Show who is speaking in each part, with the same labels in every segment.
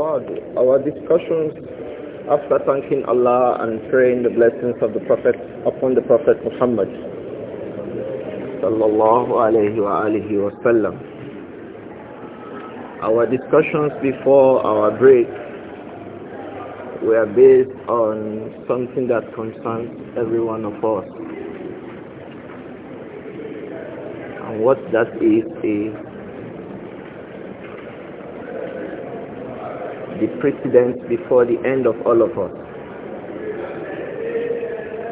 Speaker 1: Our discussions after thanking Allah and praying the blessings of the Prophet upon the Prophet Muhammad sallallahu alayhi wa alihi wasallam. Our discussions before our break were based on something that concerns every one of us. And what that is is the precedents before the end of all of us.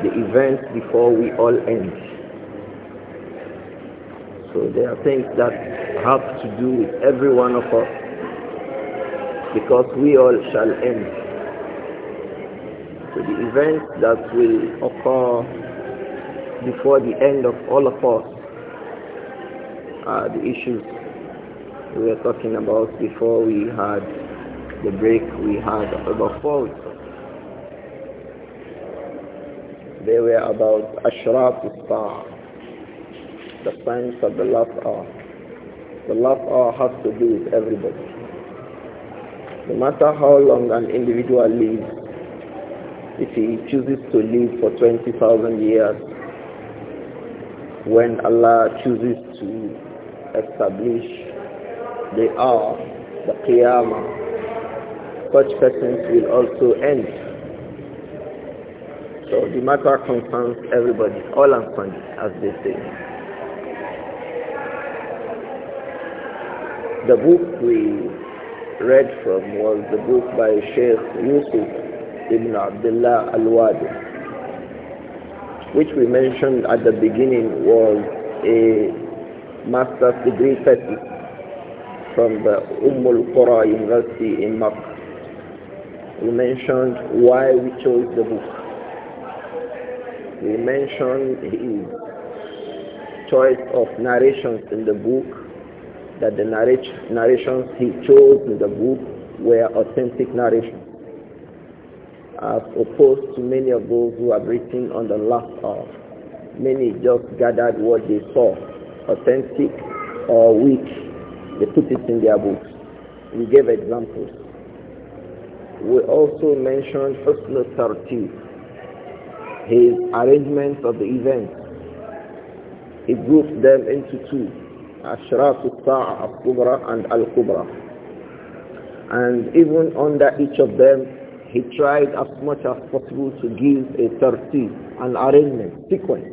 Speaker 1: The events before we all end. So there are things that have to do with every one of us because we all shall end. So the events that will occur before the end of all of us are the issues we were talking about before we had the break we had of about four They were about Ashraf Star, the signs of the last hour. The last hour has to do with everybody. No matter how long an individual lives, if he chooses to live for 20,000 years, when Allah chooses to establish the hour, the Qiyamah, such persons will also end. So the matter concerns everybody, all and sundry, as they say. The book we read from was the book by Sheikh Yusuf ibn Abdullah al-Wadi, which we mentioned at the beginning was a master's degree thesis from the Umm al-Qura University in Makkah. We mentioned why we chose the book. We mentioned his choice of narrations in the book, that the narrations he chose in the book were authentic narrations, as opposed to many of those who have written on the last hour. Many just gathered what they saw, authentic or weak. They put it in their books. We gave examples we also mentioned Husn Tartib, his arrangements of the event. He grouped them into two, Ashraf al-Sa'a al-Kubra and al-Kubra. And even under each of them, he tried as much as possible to give a tartib, an arrangement, sequence,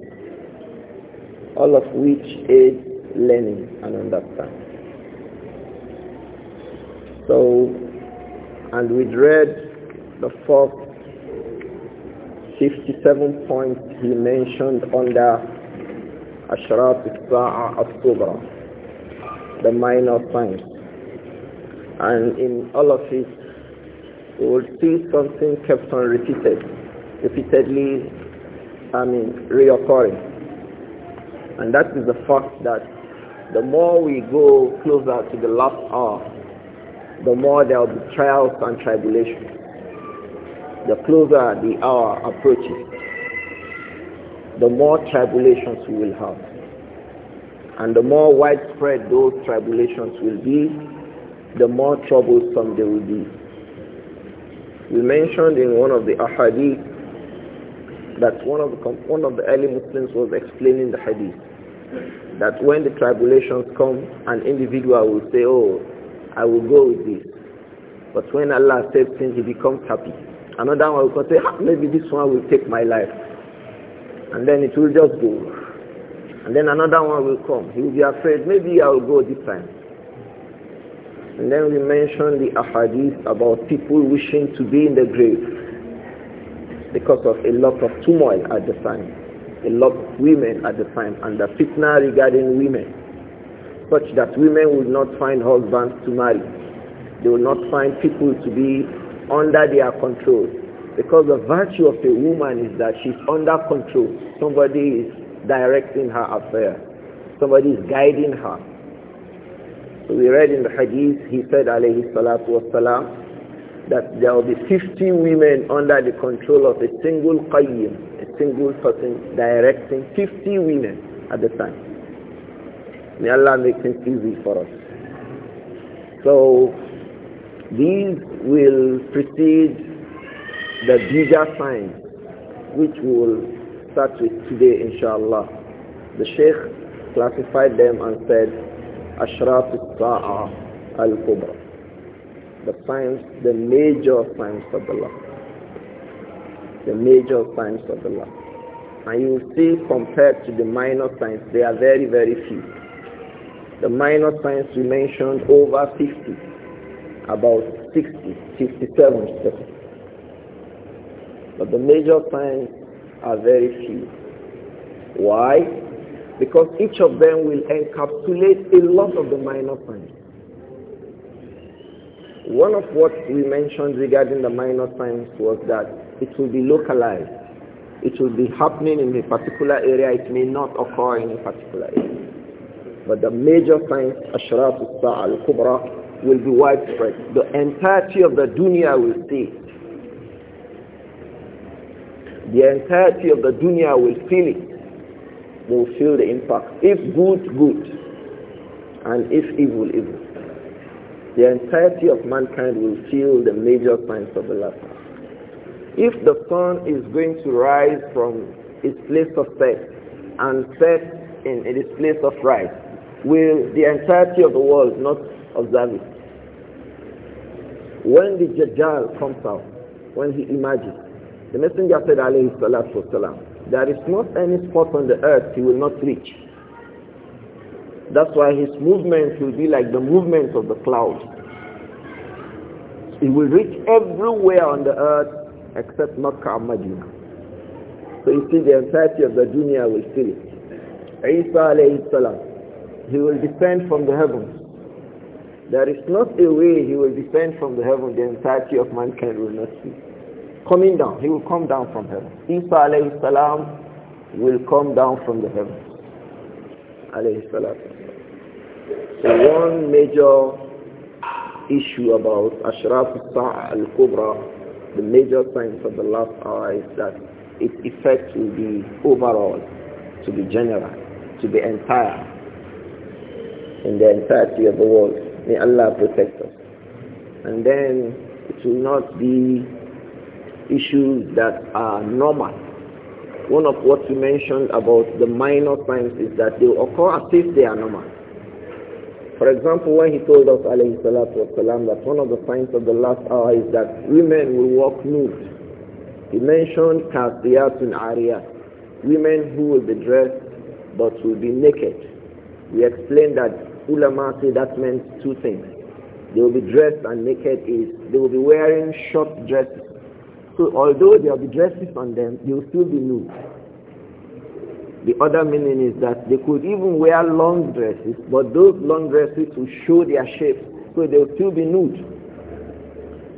Speaker 1: all of which aid learning and understanding. So and we read the first 57 points he mentioned under Ashraf Sa'a al the minor signs. And in all of it, we will see something kept on repeated, repeatedly, I mean, reoccurring. And that is the fact that the more we go closer to the last hour, the more there will be trials and tribulations. The closer the hour approaches, the more tribulations we will have. And the more widespread those tribulations will be, the more troublesome they will be. We mentioned in one of the ahadith that one of the, one of the early Muslims was explaining the hadith that when the tribulations come, an individual will say, oh, I will go with this. But when Allah says him, he becomes happy. Another one will say, ah, maybe this one will take my life. And then it will just go. And then another one will come. He will be afraid, maybe I will go this time. And then we mentioned the ahadith about people wishing to be in the grave because of a lot of turmoil at the time. A lot of women at the time and the fitna regarding women such that women will not find husbands to marry. They will not find people to be under their control. Because the virtue of a woman is that she's under control. Somebody is directing her affair. Somebody is guiding her. So we read in the hadith, he said, alayhi salatu that there will be 50 women under the control of a single qayyim, a single person directing 50 women at the time. May Allah make things easy for us. So these will precede the bigger signs which will start with today inshallah. The Sheikh classified them and said Ashraf al al-Kubra. The signs, the major signs of the law. The major signs of the law. And you see compared to the minor signs, they are very, very few. The minor signs we mentioned over 50, about 60, 57 70. But the major signs are very few. Why? Because each of them will encapsulate a lot of the minor signs. One of what we mentioned regarding the minor signs was that it will be localized. It will be happening in a particular area. It may not occur in a particular area. But the major signs, Ashraf al al-Kubra, will be widespread. The entirety of the dunya will see it. The entirety of the dunya will feel it. They will feel the impact. If good, good. And if evil, evil. The entirety of mankind will feel the major signs of the last If the sun is going to rise from its place of set and set in its place of rise, will the entirety of the world not observe it? When the Dajjal comes out, when he emerges, the Messenger said, alayhi salatu wasalam, there is not any spot on the earth he will not reach. That's why his movements will be like the movements of the cloud. He will reach everywhere on the earth except Makkah and Medina. So you see the entirety of the dunya will see it. Isa alayhi salam, he will descend from the heavens. There is not a way he will descend from the heaven, the entirety of mankind will not see. Coming down, he will come down from heaven. Isa alayhi salam will come down from the heavens. Alayhi salam. So one major issue about Ashraf al al-Kubra, the major signs of the last hour is that its effect will be overall, to be general, to be entire, in the entirety of the world. May Allah protect us. And then it will not be issues that are normal. One of what you mentioned about the minor signs is that they occur as if they are normal. For example, when he told us, alayhi salatu wasalam, that one of the signs of the last hour is that women will walk nude. He mentioned in ariyat, women who will be dressed but will be naked. We explained that ulama say that meant two things. They will be dressed and naked is they will be wearing short dresses. So although there will be dresses on them, they will still be nude. The other meaning is that they could even wear long dresses, but those long dresses will show their shape, so they will still be nude.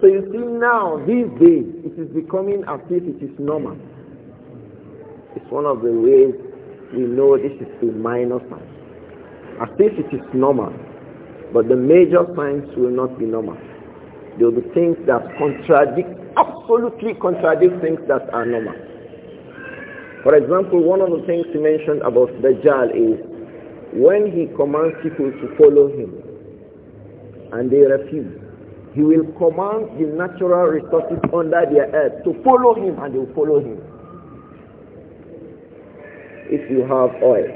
Speaker 1: So you see now, these days, it is becoming as if it is normal. It's one of the ways we know this is a minor sign as if it is normal. But the major signs will not be normal. There will be things that contradict, absolutely contradict things that are normal. For example, one of the things he mentioned about Dajjal is when he commands people to follow him and they refuse, he will command the natural resources under their earth to follow him and they will follow him. If you have oil,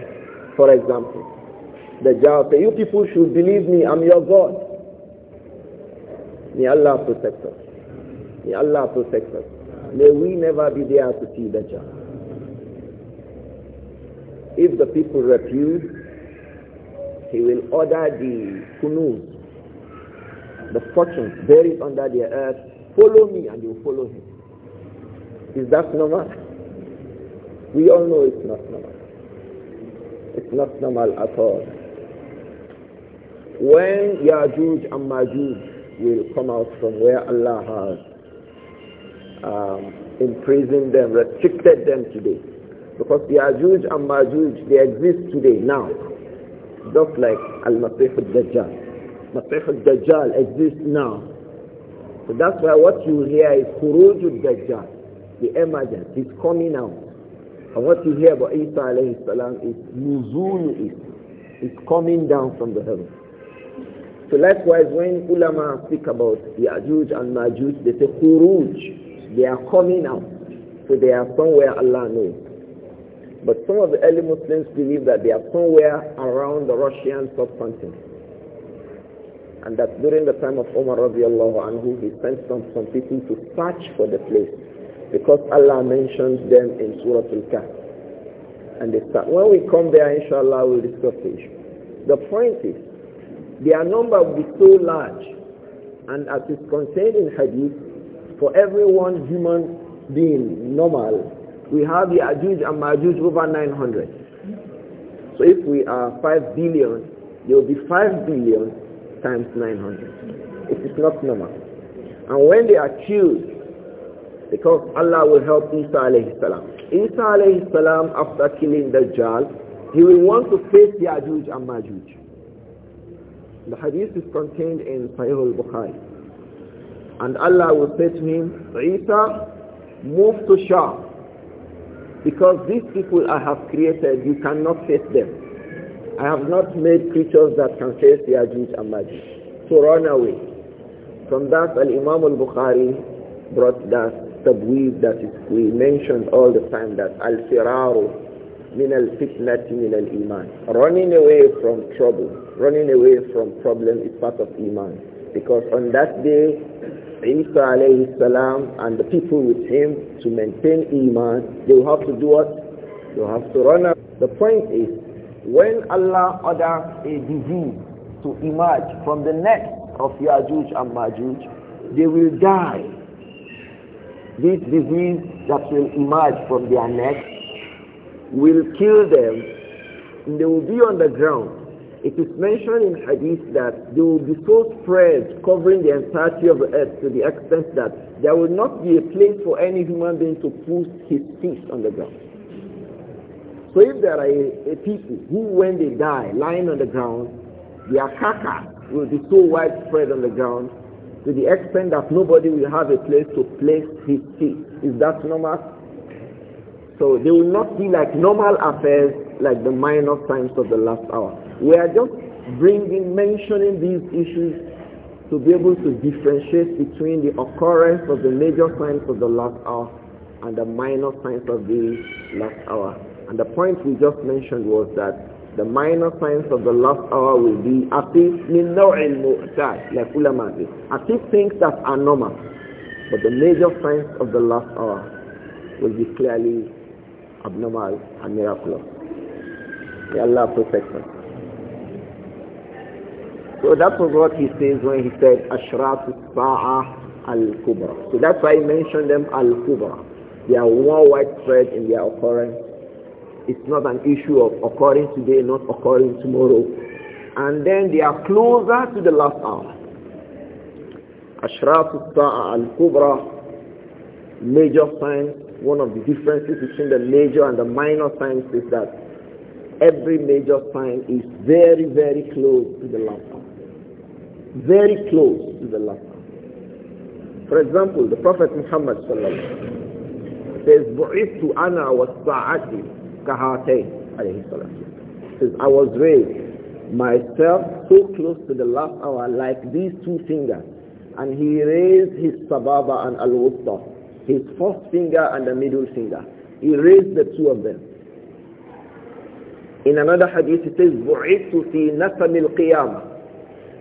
Speaker 1: for example, Dajjal say, you people should believe me, I'm your God. May Allah protect us. May Allah protect us. May we never be there to see Dajjal. If the people refuse, he will order the kunuz, the fortune buried under the earth, follow me and you follow him. Is that normal? We all know it's not normal. It's not normal at all when Yajuj and Majuj will come out from where Allah has um, imprisoned them, restricted them today. Because Yajuj and Majuj, they exist today, now. Just like Al-Masih al-Dajjal. Masih al-Dajjal exists now. So that's why what you hear is Khuruj al-Dajjal, the emergence, is coming out. And what you hear about Isa alayhi salam is Nuzul is, is coming down from the heavens. So likewise, when ulama speak about Ya'juj and Ma'juj, they say Khuruj. They are coming out. So they are somewhere Allah knows. But some of the early Muslims believe that they are somewhere around the Russian subcontinent. And that during the time of Umar radiallahu anhu, he sent some, some people to search for the place. Because Allah mentions them in Surah Al-Kahf. And they start, when we come there, inshallah, we'll discuss the issue. The point is, their number will be so large. And as is contained in hadith, for every one human being normal, we have the Ya'juj and Ma'juj over 900. So if we are 5 billion, there will be 5 billion times 900. It is not normal. And when they are killed, because Allah will help Isa alayhi salam. Isa alayhi salam, after killing Dajjal, he will want to face the Ajuj and Majuj. The hadith is contained in Sahih al-Bukhari. And Allah will say to him, Isa, move to Shah, Because these people I have created, you cannot face them. I have not made creatures that can face the Yajuj and Majuj. So run away. From that, Al-Imam al-Bukhari brought that tabweed that is, we mentioned all the time, that al-firaru, من الفتنة من الإيمان running away from trouble running away from problem is part of iman because on that day Isa alayhi salam and the people with him to maintain iman they will have to do what they will have to run up the point is when Allah orders a disease to emerge from the neck of Yajuj and Majuj they will die this disease that will emerge from their neck will kill them they will be on the ground. It is mentioned in hadith that they will be so spread, covering the entirety of the earth to the extent that there will not be a place for any human being to put his feet on the ground. So if there are a, a people who, when they die, lying on the ground, their caca will be so widespread on the ground to the extent that nobody will have a place to place his feet. Is that normal? So they will not be like normal affairs like the minor times of the last hour. We are just bringing, mentioning these issues to be able to differentiate between the occurrence of the major signs of the last hour and the minor signs of the last hour. And the point we just mentioned was that the minor signs of the last hour will be atif min like ulama did. Atif things that are normal. But the major signs of the last hour will be clearly abnormal and miraculous. May Allah protect us. So that was what he says when he said Ashraf Sa'ah Al-Kubra. So that's why I mentioned them Al-Kubra. They are more widespread in their occurrence. It's not an issue of occurring today, not occurring tomorrow. And then they are closer to the last hour. Ashraf Sa'ah Al-Kubra, major signs one of the differences between the major and the minor signs is that every major sign is very, very close to the last one. Very close to the last one. For example, the Prophet Muhammad says, بُعِثْتُ أَنَا وَالسَّاعَةِ كَهَاتَيْنِ says, I was raised myself so close to the last hour like these two fingers. And he raised his sababa and al-wusta his first finger and the middle finger. He raised the two of them. In another hadith it says, بُعِثُ فِي نَسَمِ الْقِيَامَةِ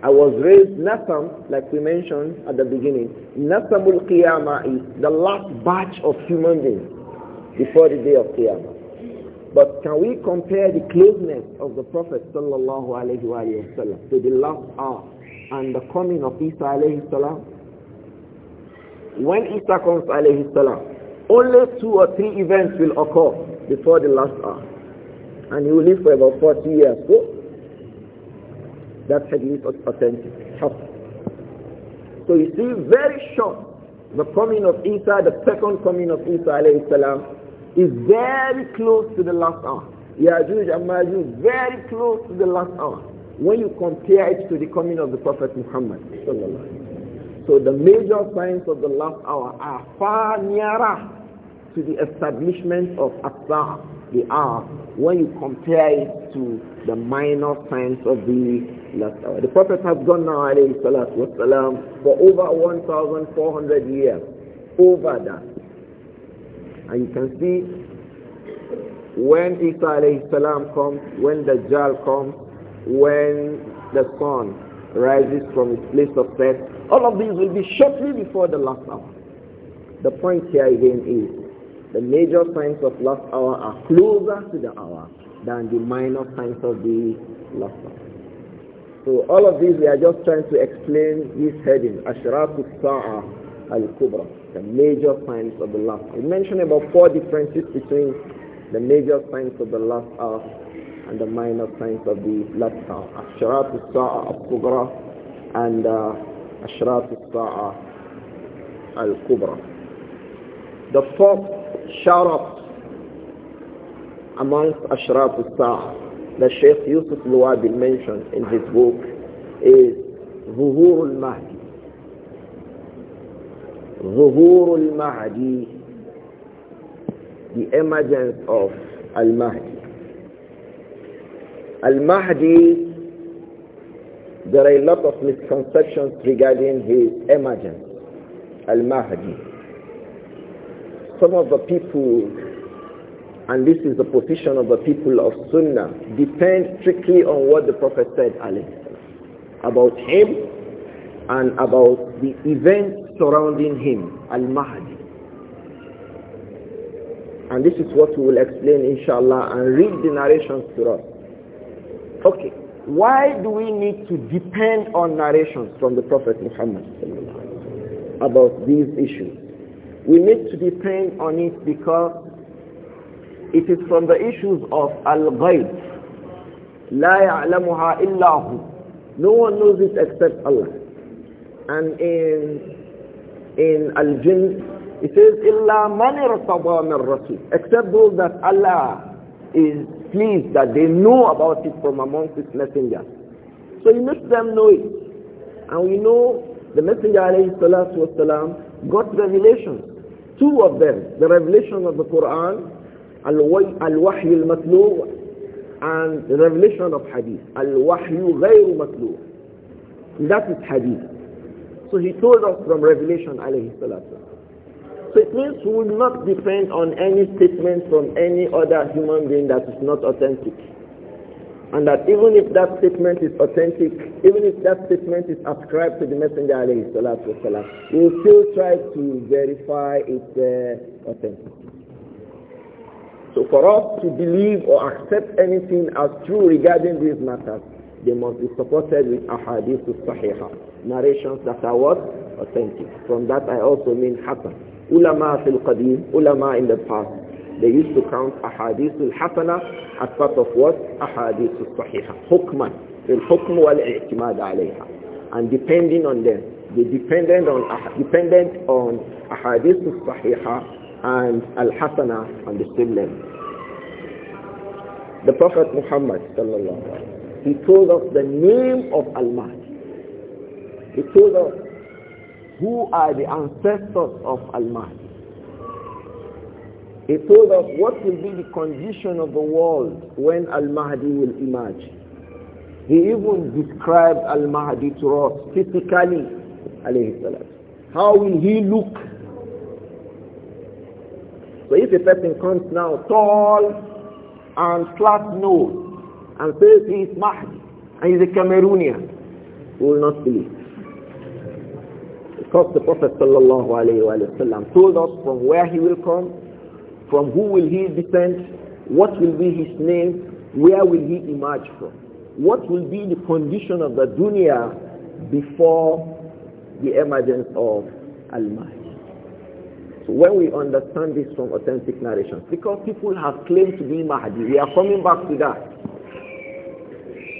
Speaker 1: I was raised Nasam, like we mentioned at the beginning. Nasamul Qiyamah is the last batch of human beings before the day of Qiyamah. But can we compare the closeness of the Prophet sallallahu alaihi wasallam to the last hour and the coming of Isa alayhi salam? When Isa comes, alayhi salam, only two or three events will occur before the last hour. And he will live for about 40 years. So, that hadith is authentic. So you see, very short, the coming of Isa, the second coming of Isa alayhi salam, is very close to the last hour. Yajuj and Majuj, very close to the last hour. When you compare it to the coming of the Prophet Muhammad sallallahu so the major signs of the last hour are far nearer to the establishment of Asa, the hour, when you compare it to the minor signs of the last hour. The Prophet has gone now, alayhi salatu wasalam, for over 1,400 years, over that. And you can
Speaker 2: see
Speaker 1: when Isa alayhi salam comes, when the Dajjal comes, when the sun rises from its place of death. All of these will be shortly before the last hour. The point here again is the major signs of last hour are closer to the hour than the minor signs of the last hour. So all of these we are just trying to explain this heading, Ashratu Sa'a al-Kubra, the major signs of the last hour. We mentioned about four differences between the major signs of the last hour and the minor signs of the last hour. Ashrat al-Sa'a al-Kubra and uh, al-Sa'a al-Kubra. The fourth sharaf amongst Ashrat al-Sa'a that Sheikh Yusuf Luwabi mentioned in his book is Zuhur al-Mahdi. Zuhur al-Mahdi, the emergence of al-Mahdi. Al-Mahdi, there are a lot of misconceptions regarding his emergence. Al-Mahdi. Some of the people, and this is the position of the people of Sunnah, depend strictly on what the Prophet said, Ali, about him and about the events surrounding him, Al-Mahdi. And this is what we will explain, inshallah, and read the narrations to us. Okay. Why do we need to depend on narrations from the Prophet Muhammad about these issues? We need to depend on it because it is from the issues of al ghayb. لا يعلمها إلا هو. No one knows it except Allah. And in in al-jinn it says إلا من ارتضى من رسول except those that Allah is pleased that they know about it from amongst his messengers. So he makes them know it. And we know the Messenger والسلام, got revelations. Two of them, the revelation of the Quran, Al-Wahy al-Matlu, and the revelation of Hadith, Al-Wahy غير Matlu. That is Hadith. So he told us from revelation alayhi salatu Statements will not depend on any statement from any other human being that is not authentic. And that even if that statement is authentic, even if that statement is ascribed to the Messenger alayhi salatu wasalam, we will still try to verify its uh, authenticity. So for us to believe or accept anything as true regarding these matters, they must be supported with ahadith sahihah, narrations that are what? Authentic. From that I also mean hasan ulama fil qadim, ulama in the past, they used to count ahadith al-hasana as part of what? Ahadith al-sahiha. Hukman. Al-hukm wal-i'timad alayha. And depending on them, they depended on, dependent on ahadith al-sahiha and al-hasana on the same level. The Prophet Muhammad sallallahu he told us the name of al-Mahdi. He told us who are the ancestors of Al-Mahdi. He told us what will be the condition of the world when Al-Mahdi will emerge. He even described Al-Mahdi to us physically, How will he look? So if a person comes now tall and flat nose and says he is Mahdi and he is a Cameroonian, we will not believe. Because the Prophet ﷺ told us from where he will come, from who will he descend, what will be his name, where will he emerge from, what will be the condition of the dunya before the emergence of Al-Mahdi. So when we understand this from authentic narrations, because people have claimed to be Mahdi, we are coming back to that.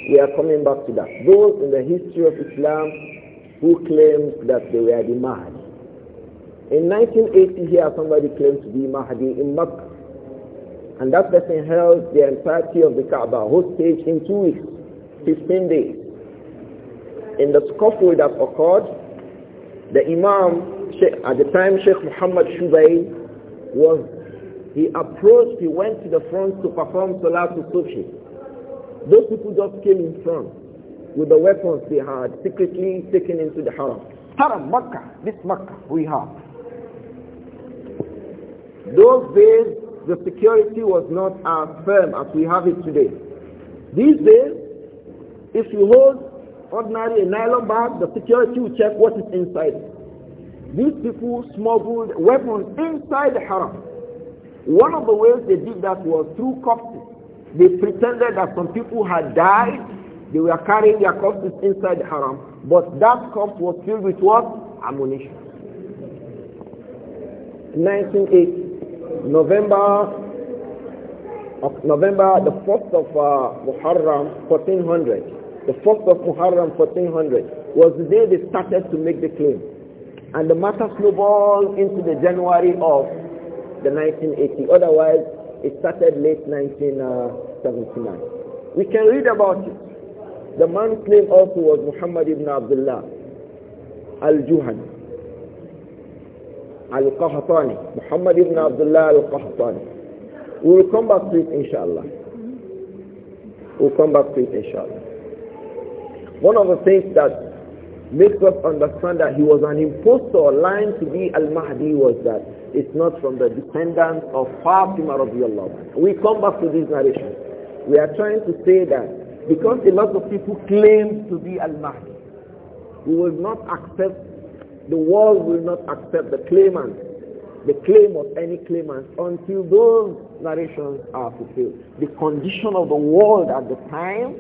Speaker 1: We are coming back to that. Those in the history of Islam who claimed that they were the Mahdi. In 1980 here, somebody claimed to be Mahdi in Makkah. And that person held the entirety of the Kaaba hostage in two weeks, 15 days. In the scuffle that occurred, the Imam, at the time Sheikh Muhammad Shubay, was, he approached, he went to the front to perform Salatul Subhi. Those people just came in front with the weapons they had secretly taken into the haram. Haram, Makkah, this Makkah we have. Those days, the security was not as firm as we have it today. These days, if you hold ordinary nylon bag, the security will check what is inside. These people smuggled weapons inside the haram. One of the ways they did that was through corpses. They pretended that some people had died they were carrying their corpses inside the haram, but that cup was filled with what? Ammunition. 1980, November, of November, the 1st of uh, Muharram, 1400. The 1st of Muharram, 1400 was the day they started to make the claim. And the matter snowballed into the January of the 1980. Otherwise, it started late 1979. Uh, we can read about it. The man's name also was Muhammad ibn Abdullah al-Juhani al-Qahtani. Muhammad ibn Abdullah al-Qahtani. We will come back to it inshallah. We'll come back to it inshallah. One of the things that makes us understand that he was an impostor lying to be al-Mahdi was that it's not from the descendants of Fatima radiallahu We come back to this narration. We are trying to say that because a lot of people claim to be Al-Mahdi. We will not accept, the world will not accept the claimant, the claim of any claimant until those narrations are fulfilled. The condition of the world at the time,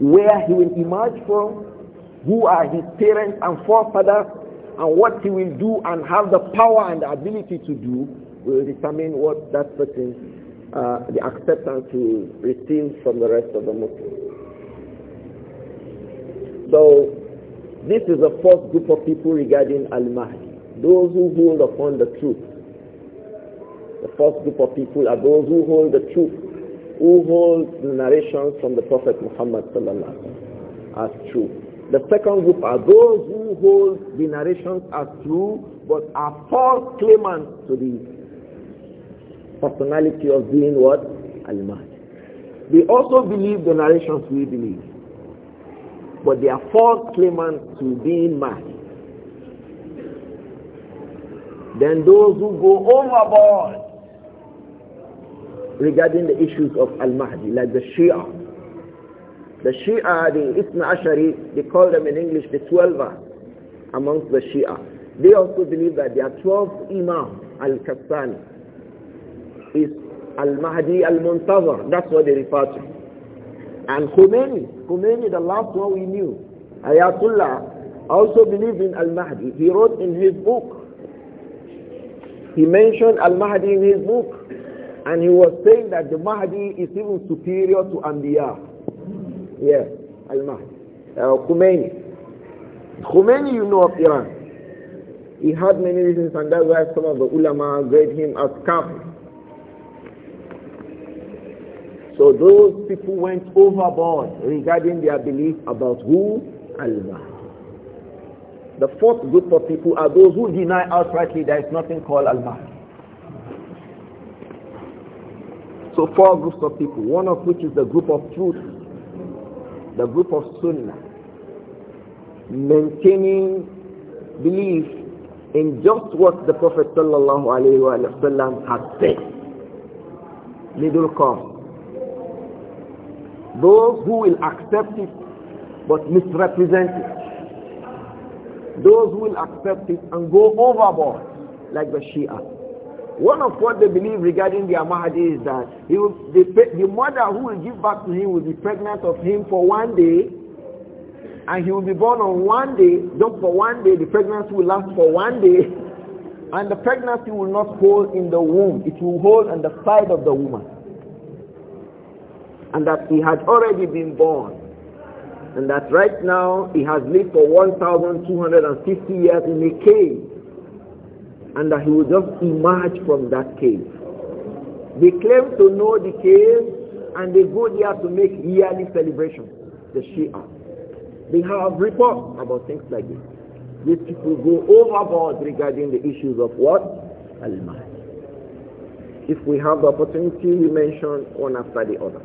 Speaker 1: where he will emerge from, who are his parents and forefathers, and what he will do and have the power and the ability to do will determine what that person uh, the acceptance he receives from the rest of the Muslims. So this is the first group of people regarding Al-Mahdi, those who hold upon the truth. The first group of people are those who hold the truth, who hold the narrations from the Prophet Muhammad as true. The second group are those who hold the narrations as true but are false claimants to the personality of being what? Al-Mahdi. They also believe the narrations we believe. But they are false claimants to being Mahdi. Then those who go overboard regarding the issues of Al-Mahdi, like the Shia. The Shia, the Isna Ashari, they call them in English the Twelver amongst the Shia. They also believe that there are 12 Imams, Al-Kassani, is Al-Mahdi Al-Muntazar. That's what they refer to. And Khomeini, Khomeini, the last one we knew, Ayatollah, also believed in Al-Mahdi. He wrote in his book. He mentioned Al-Mahdi in his book. And he was saying that the Mahdi is even superior to Anbiya. Yes, Al-Mahdi. Uh, Khomeini. Khomeini you know of Iran. He had many reasons and that's why some of the ulama grade him as kafir. So those people went overboard regarding their belief about who? Allah. The fourth group of people are those who deny outrightly there is nothing called Allah. So four groups of people, one of which is the group of truth, the group of sunnah, maintaining belief in just what the Prophet sallallahu alaihi wasallam has said. Middle course. Those who will accept it but misrepresent it. Those who will accept it and go overboard like the Shia. One of what they believe regarding the Mahdi is that he will, the, the mother who will give back to him will be pregnant of him for one day and he will be born on one day, just for one day. The pregnancy will last for one day and the pregnancy will not hold in the womb. It will hold on the side of the woman and that he had already been born. And that right now he has lived for 1,250 years in a cave. And that he will just emerge from that cave. They claim to know the cave and they go there to make yearly celebration, the Shia. They have reports about things like this. These people go overboard regarding the issues of what? Al-Mahdi. If we have the opportunity, we mention one after the other.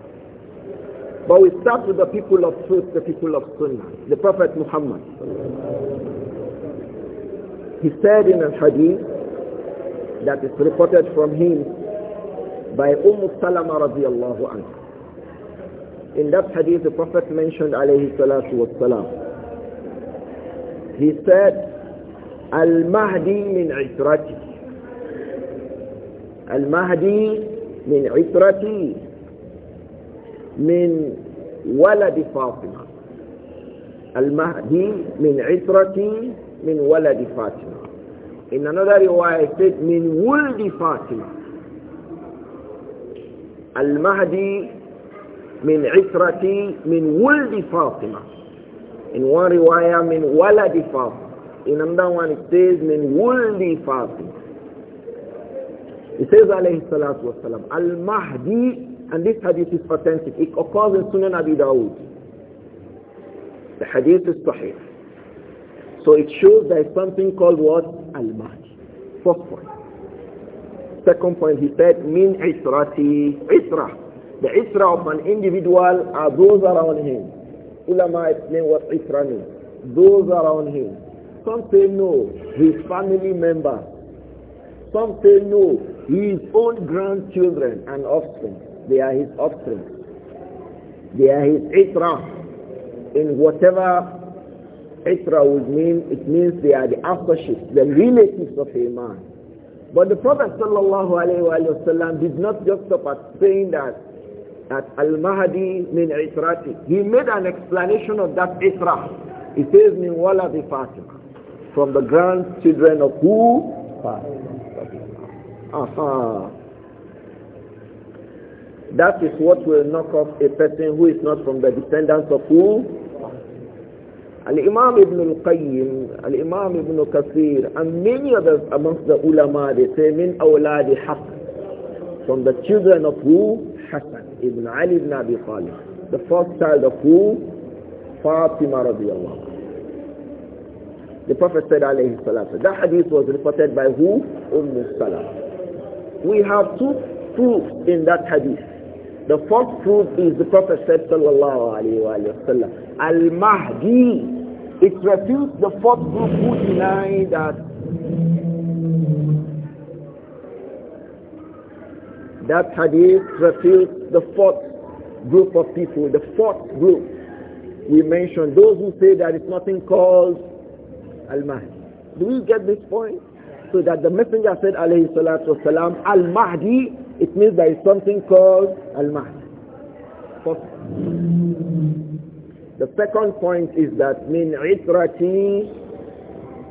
Speaker 1: But we start with the people of truth, the people of Sunnah, the Prophet Muhammad. He said in a hadith that is reported from him by Umm Salama radiallahu anha. In that hadith the Prophet mentioned alayhi salatu He said, Al-Mahdi min Itrati. Al-Mahdi min Itrati." من ولد فاطمة المهدي من عترة من ولد فاطمة In another riwayah it said من ولد فاطمة المهدي من عترة من ولد فاطمة In one riwayah من ولد فاطمة In another one it says من ولد فاطمة It says عليه الصلاة والسلام المهدي And this hadith is authentic. It occurs in Sunan Abi Dawud. The hadith is sahih. So it shows there is something called what? al maj First point. Second point, he said, min israti, isra. The isra of an individual are those around him. Ulama explain what isra means. Those around him. Some say no, his family members. Some say no, his own grandchildren and offspring. They are his offspring. They are his itra. In whatever itra would mean, it means they are the aftership, the relatives of a man. But the Prophet sallallahu wasallam did not just stop at saying that Al-Mahdi min itrati. He made an explanation of that itra. He says min wala Fatima. From the grandchildren of who? Fatima. Aha. That is what will knock off a person who is not from the descendants of who? Al-Imam Ibn Al-Qayyim, Al-Imam Ibn Kathir, and many others amongst the ulama, they say, min awladi Hassan, from the children of who? Hassan, Ibn Ali Ibn Abi Talib, the first child of who? Fatima radiallahu the Prophet said alayhi salatu. That hadith was reported by who? Umm Salam. We have two proofs in that hadith. The first group is the Prophet said, sallallahu alayhi wa sallam, Al-Mahdi. It refutes the fourth group who deny that that hadith refutes the fourth group of people, the fourth group we mentioned, those who say that it's nothing called Al-Mahdi. Do we get this point? So that the messenger said, alayhi salatu wasalam, Al-Mahdi it means there is something called al-mahd. The second point is that min itrati,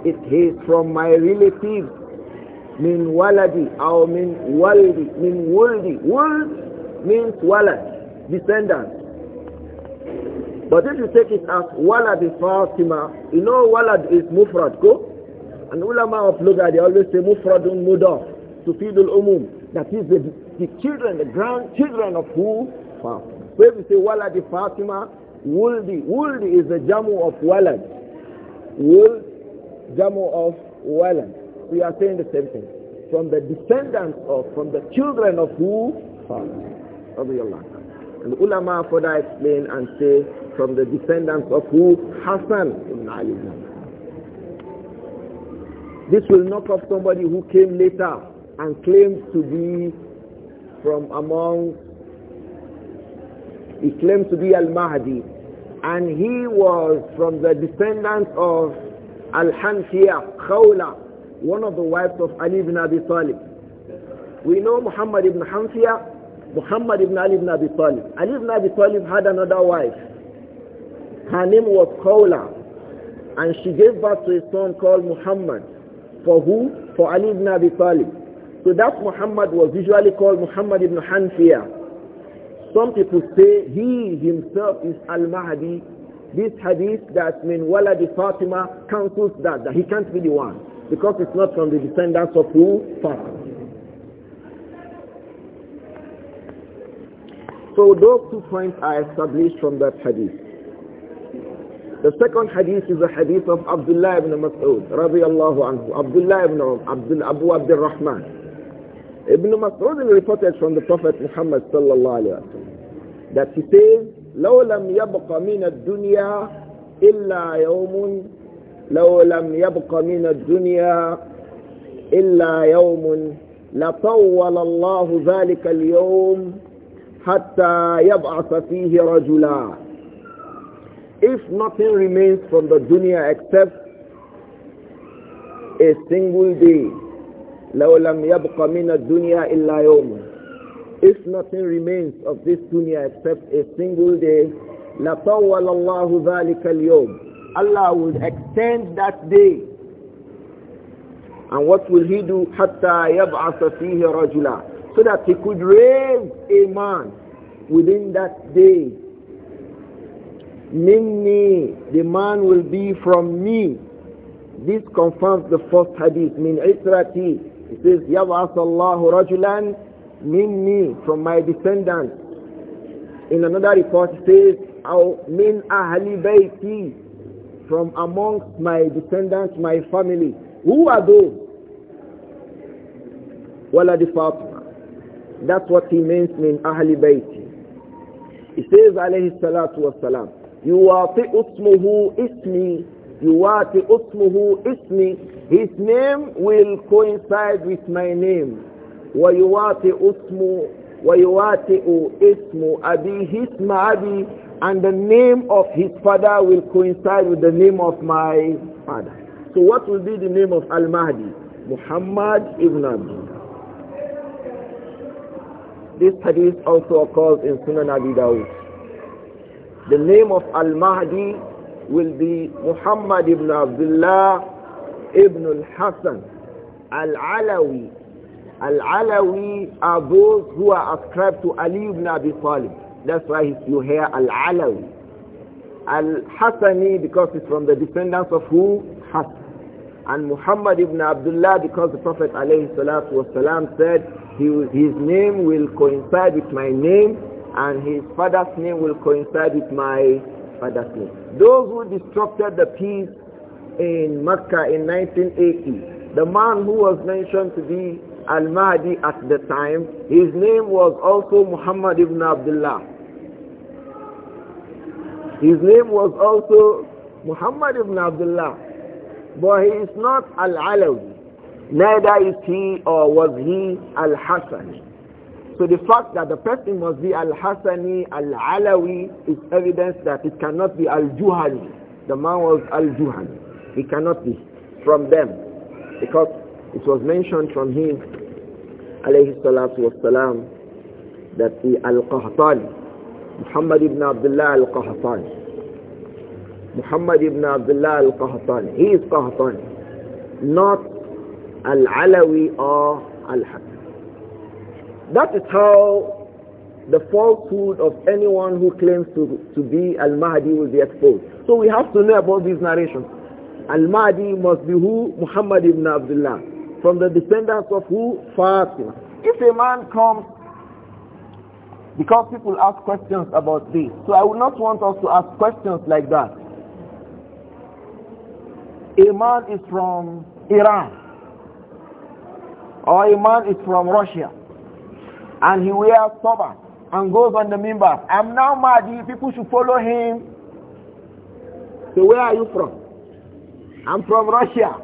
Speaker 1: it is from my relative, min waladi, or min waldi, min wuldi. Wuld means walad, descendant. But if you take it as walad Fatima, you know walad is mufrad, go? And ulama of Luga, they always say mufradun mudaf, tufidul umum. That is the, the children, the grandchildren of who? Fatima. Where we say Waladi Fatima, Wuldi. Wuldi is the Jamu of Walad. Wuld, Jamu of Walad. We are saying the same thing. From the descendants of, from the children of who? Fatima. And the ulama further explain and say, from the descendants of who? Hassan ibn Ali. This will knock off somebody who came later and claims to be from among, he claims to be Al-Mahdi. And he was from the descendants of Al-Hanfiya, Khawla, one of the wives of Ali ibn Abi Talib. We know Muhammad ibn Hanfiya, Muhammad ibn Ali ibn Abi Talib. Ali ibn Abi Talib had another wife. Her name was Khawla. And she gave birth to a son called Muhammad. For who? For Ali ibn Abi Talib. So that Muhammad was usually called Muhammad ibn Hanfiya. Some people say he himself is Al-Mahdi. This hadith that min waladi Fatima counsels that, that he can't be the one because it's not from the descendants of who? Fatima. So those two points are established from that hadith. The second hadith is the hadith of Abdullah ibn Mas'ud, radiallahu anhu, Abdullah ibn Abdul Abu Abdul Rahman. Ibn Mas'ud reported from the Prophet Muhammad sallallahu alayhi wa sallam that he says, لو لم يبق من الدنيا إلا يوم لو لم يبق من الدنيا إلا يوم لطول الله ذلك اليوم حتى يبعث فيه رجلا If nothing remains from the dunya except a single day يَبْقَ مِنَ الدُّنْيَا إِلَّا يَوْمٌ If nothing remains of this dunya except a single day, لَطَوَّلَ اللَّهُ ذَلِكَ الْيَوْمِ Allah will extend that day. And what will he do? حَتَّى يَبْعَثَ فِيهِ رَجُلًا So that he could raise a man within that day. Minni, the man will be from me. This confirms the first hadith, min itrati, he says, يَبْعَثَ اللَّهُ رَجُلًا مِنِّي From my descendants. In another report he says, "I مِنْ أَهْلِ بَيْتِي From amongst my descendants, my family. Who are those? وَلَدِ فَاطمَةِ That's what he means, مِنْ أَهْلِ بَيْتِي He says, عليه الصلاة والسلام, يُوَاطِئُ اسْمُهُ إِسْمِي yuwati usmuhu ismi his name will coincide with my name wa yuwati usmu wa yuwati ismu abi his abi and the name of his father will coincide with the name of my father so what will be the name of al-mahdi muhammad ibn Abdul. this hadith also occurs in Sunan Abi Dawud. The name of Al-Mahdi will be Muhammad ibn Abdullah ibn al-Hassan al-Alawi. Al-Alawi are those who are ascribed to Ali ibn Abi Talib. That's why you hear al-Alawi. Al-Hassani because it's from the descendants of who? Hassan. And Muhammad ibn Abdullah because the Prophet alayhi salatu wasalam said he, his name will coincide with my name and his father's name will coincide with my father's name. Those who disrupted the peace in Mecca in 1980, the man who was mentioned to be Al-Mahdi at the time, his name was also Muhammad ibn Abdullah. His name was also Muhammad ibn Abdullah. But he is not Al-Alawi. Neither is he or was he Al-Hassan. So the fact that the person must be Al-Hassani, Al-Alawi is evidence that it cannot be Al-Juhani. The man was Al-Juhani. He cannot be from them because it was mentioned from him alayhi salatu wasalam that the Al-Qahtani, Muhammad ibn Abdullah Al-Qahtani, Muhammad ibn Abdullah Al-Qahtani, he is Qahtani, not Al-Alawi or Al-Hassani. That is how the falsehood of anyone who claims to, to be Al-Mahdi will be exposed. So we have to know about these narrations. Al-Mahdi must be who? Muhammad ibn Abdullah. From the descendants of who? Fatima. If a man comes, because people ask questions about this, so I would not want us to ask questions like that. A man is from Iran, or a man is from Russia, and he wears sober, and goes on the member. I'm now mad. You people should follow him. So where are you from? I'm from Russia.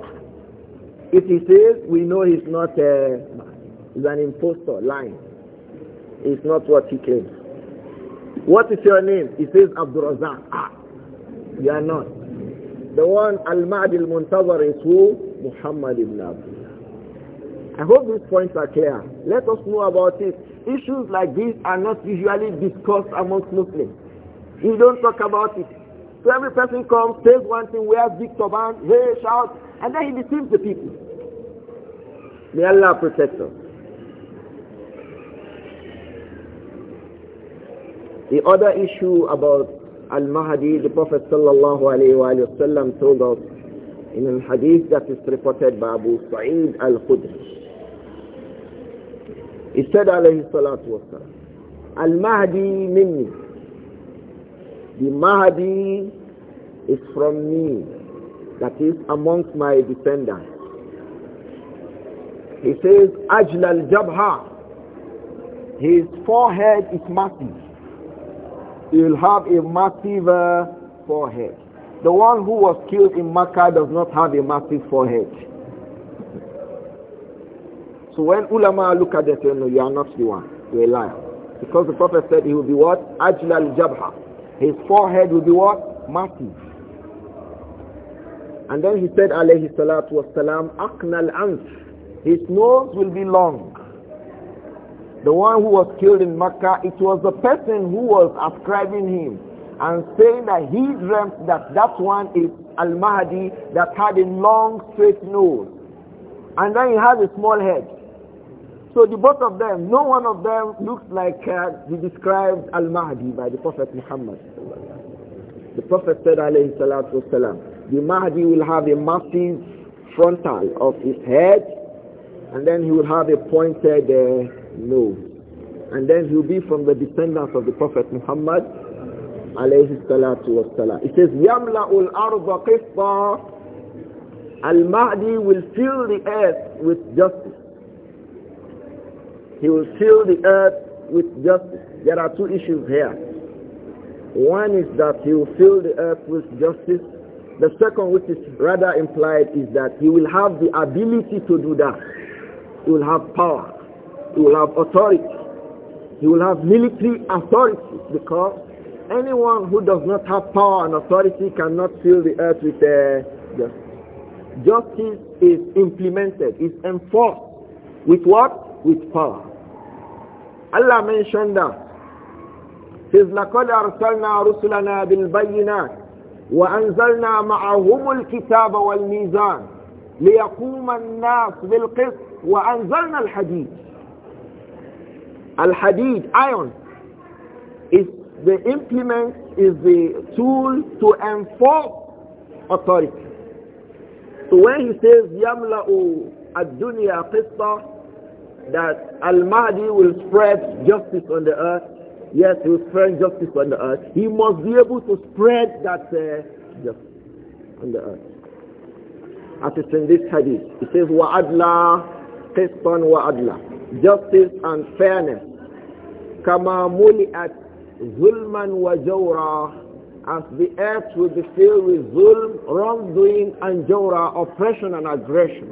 Speaker 1: If he says, we know he's not a, uh, he's an impostor, lying. It's not what he claims. What is your name? He says Abdurazak. Ah, you are not. The one Al-Mahdi al-Muntazar is who? Muhammad ibn Abdul. I hope these points are clear. Let us know about it. Issues like these are not usually discussed amongst Muslims. We don't talk about it. So every person comes, says one thing, wears big turban, hey, shout, and then he deceives the people. May Allah protect us. The other issue about Al-Mahdi, the Prophet sallallahu alayhi wa sallam told us in a hadith that is reported by Abu Sa'id al-Khudri. He said, alayhi salatu wasalam, Al-Mahdi minni. The Mahdi is from me, that is amongst my descendants. He says, "Ajla al-Jabha. His forehead is massive. He will have a massive uh, forehead. The one who was killed in Makkah does not have a massive forehead. So when ulama look at it, you know, you are not the one. You're a liar. Because the Prophet said he will be what? Ajla al-jabha. His forehead will be what? Massive. And then he said, alayhi salatu wasalam, salam al-anf. His nose will be long. The one who was killed in Makkah, it was the person who was ascribing him and saying that he dreamt that that one is Al-Mahdi that had a long straight nose. And then he had a small head. So the both of them, no one of them looks like uh, the described Al-Mahdi by the Prophet Muhammad. The Prophet said, alayhi salatu wasalam, the Mahdi will have a massive frontal of his head, and then he will have a pointed uh, nose. And then he will be from the descendants of the Prophet Muhammad, alayhi salatu wasalam. It says, يَمْلَأُ الْأَرْضَ قِسْطًا Al-Mahdi will fill the earth with justice. He will fill the earth with justice. There are two issues here. One is that he will fill the earth with justice. The second, which is rather implied, is that he will have the ability to do that. He will have power. He will have authority. He will have military authority because anyone who does not have power and authority cannot fill the earth with uh, justice. Justice is implemented, is enforced with what? With power. Allah mentioned that. Says, لَقَدْ أَرْسَلْنَا رُسُلَنَا بِالْبَيِّنَاتِ وَأَنزَلْنَا مَعَهُمُ الْكِتَابَ وَالْمِيزَانَ لِيَقُومَ النَّاسُ بِالْقِسْطِ وَأَنزَلْنَا الحديد iron, is the implement, is the tool to enforce authority. So when he says, يَمْلَأُ الدُّنْيَا قِسْطًا that Al-Mahdi will spread justice on the earth. Yes, he will spread justice on the earth. He must be able to spread that uh, justice on the earth. As it's in this hadith, it says, وَعَدْلَا wa وَعَدْلَا Justice and fairness. كَمَا مُلِئَتْ wa وَجَوْرًا As the earth will be filled with zulm, wrongdoing and jawra, oppression and aggression.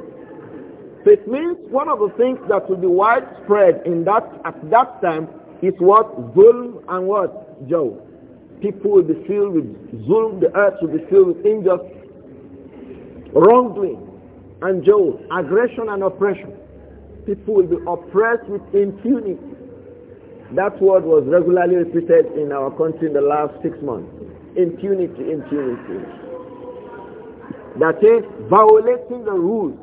Speaker 1: So it means one of the things that will be widespread in that at that time is what zulm and what jaw. People will be filled with zulm, the earth will be filled with injustice, wrongdoing, and jaw, aggression and oppression. People will be oppressed with impunity. That word was regularly repeated in our country in the last six months. Impunity, impunity. That is violating the rules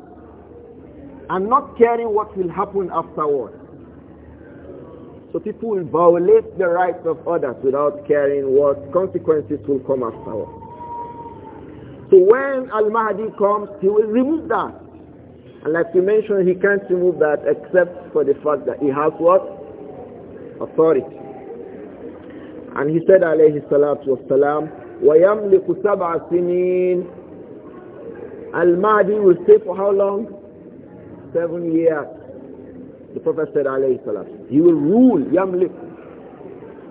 Speaker 1: and not caring what will happen afterwards. So people will violate the rights of others without caring what consequences will come afterwards. So when Al-Mahdi comes, he will remove that. And like we mentioned, he can't remove that except for the fact that he has what? Authority. And he said, alayhi salatu wasalam, وَيَمْلِكُ سَبْعَ سِنِينَ Al-Mahdi will stay for how long? seven years. The Prophet said, alayhi salam, he will rule, yamlik.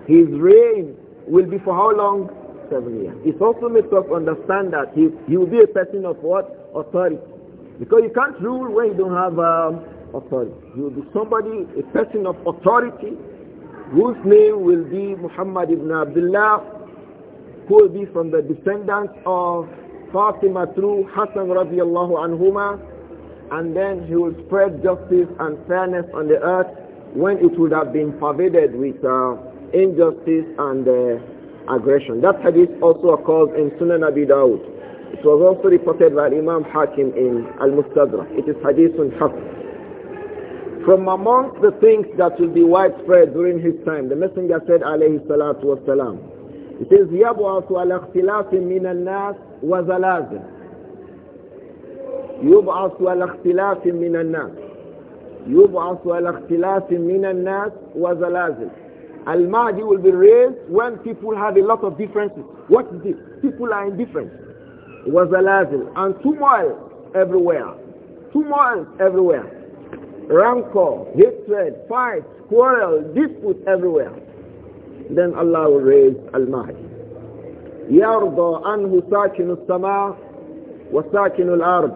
Speaker 1: His reign will be for how long? Seven years. It also makes us understand that he, he will be a person of what? Authority. Because you can't rule when you don't have um, authority. He will be somebody, a person of authority, whose name will be Muhammad ibn Abdullah, who will be from the descendants of Fatima through Hassan radiallahu anhuma, and then he will spread justice and fairness on the earth when it would have been pervaded with uh, injustice and uh, aggression. That hadith also occurs in Sunan Abi Dawud. It was also reported by Imam Hakim in Al-Mustadrak. It is hadith hasan. From amongst the things that will be widespread during his time, the Messenger said, alayhi salatu wasalam, it is, يَبْعَثُ عَلَى اخْتِلَافٍ مِنَ النَّاسِ وَزَلَازِلٍ يبعث على اختلاف من الناس يبعث على اختلاف من الناس وزلازل Al-Mahdi will be raised when people have a lot of differences. What is this? People are indifferent. Wazalazil. And turmoil everywhere. Turmoil everywhere. Rancor, hatred, fights, quarrel, dispute everywhere. Then Allah will raise Al-Mahdi. يرضى عنه ساكن السماء وساكن الأرض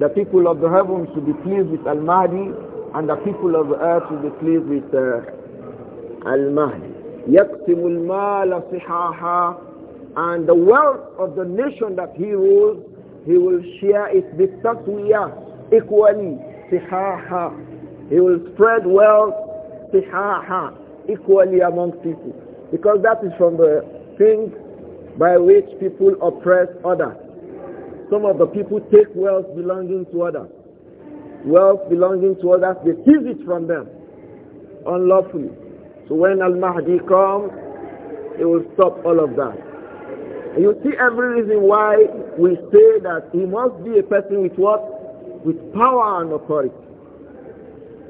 Speaker 1: the people of the heavens should be pleased with Al-Mahdi and the people of the earth should be pleased with uh, Al-Mahdi. يَقْسِمُ الْمَالَ صِحَاحًا and the wealth of the nation that he rules, he will share it with us equally, sihaha. He will spread wealth sihaha equally among people. Because that is from the things by which people oppress others some of the people take wealth belonging to others. Wealth belonging to others, they seize it from them unlawfully. So when Al-Mahdi comes, it will stop all of that. you see every reason why we say that he must be a person with what? With power and authority.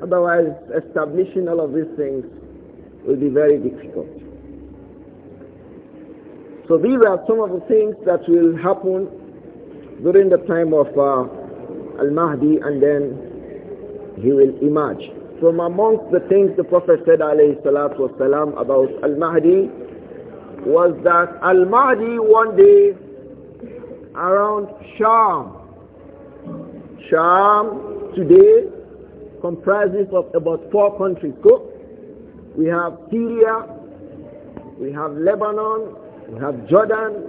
Speaker 1: Otherwise, establishing all of these things will be very difficult. So these are some of the things that will happen during the time of uh, Al-Mahdi and then he will emerge. From amongst the things the Prophet said alayhi about Al-Mahdi was that Al-Mahdi one day around Sham. Sham today comprises of about four countries. Go. We have Syria, we have Lebanon, we have Jordan,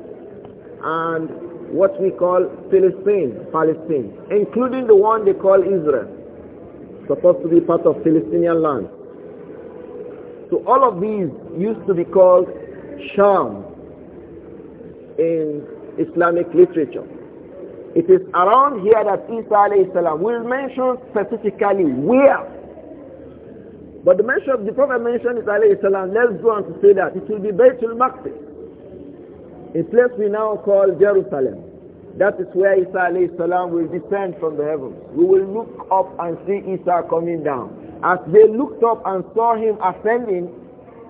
Speaker 1: and what we call Palestine, Palestine, including the one they call Israel, supposed to be part of Palestinian land. So all of these used to be called Sham in Islamic literature. It is around here that Isa salam will mention specifically where. But the mention of the Prophet mentioned is alayhi salam. Let's go on to say that. It will be Baytul Maqdis. A place we now call Jerusalem. That is where Isa alayhi salam will descend from the heavens. We will look up and see Isa coming down. As they looked up and saw him ascending,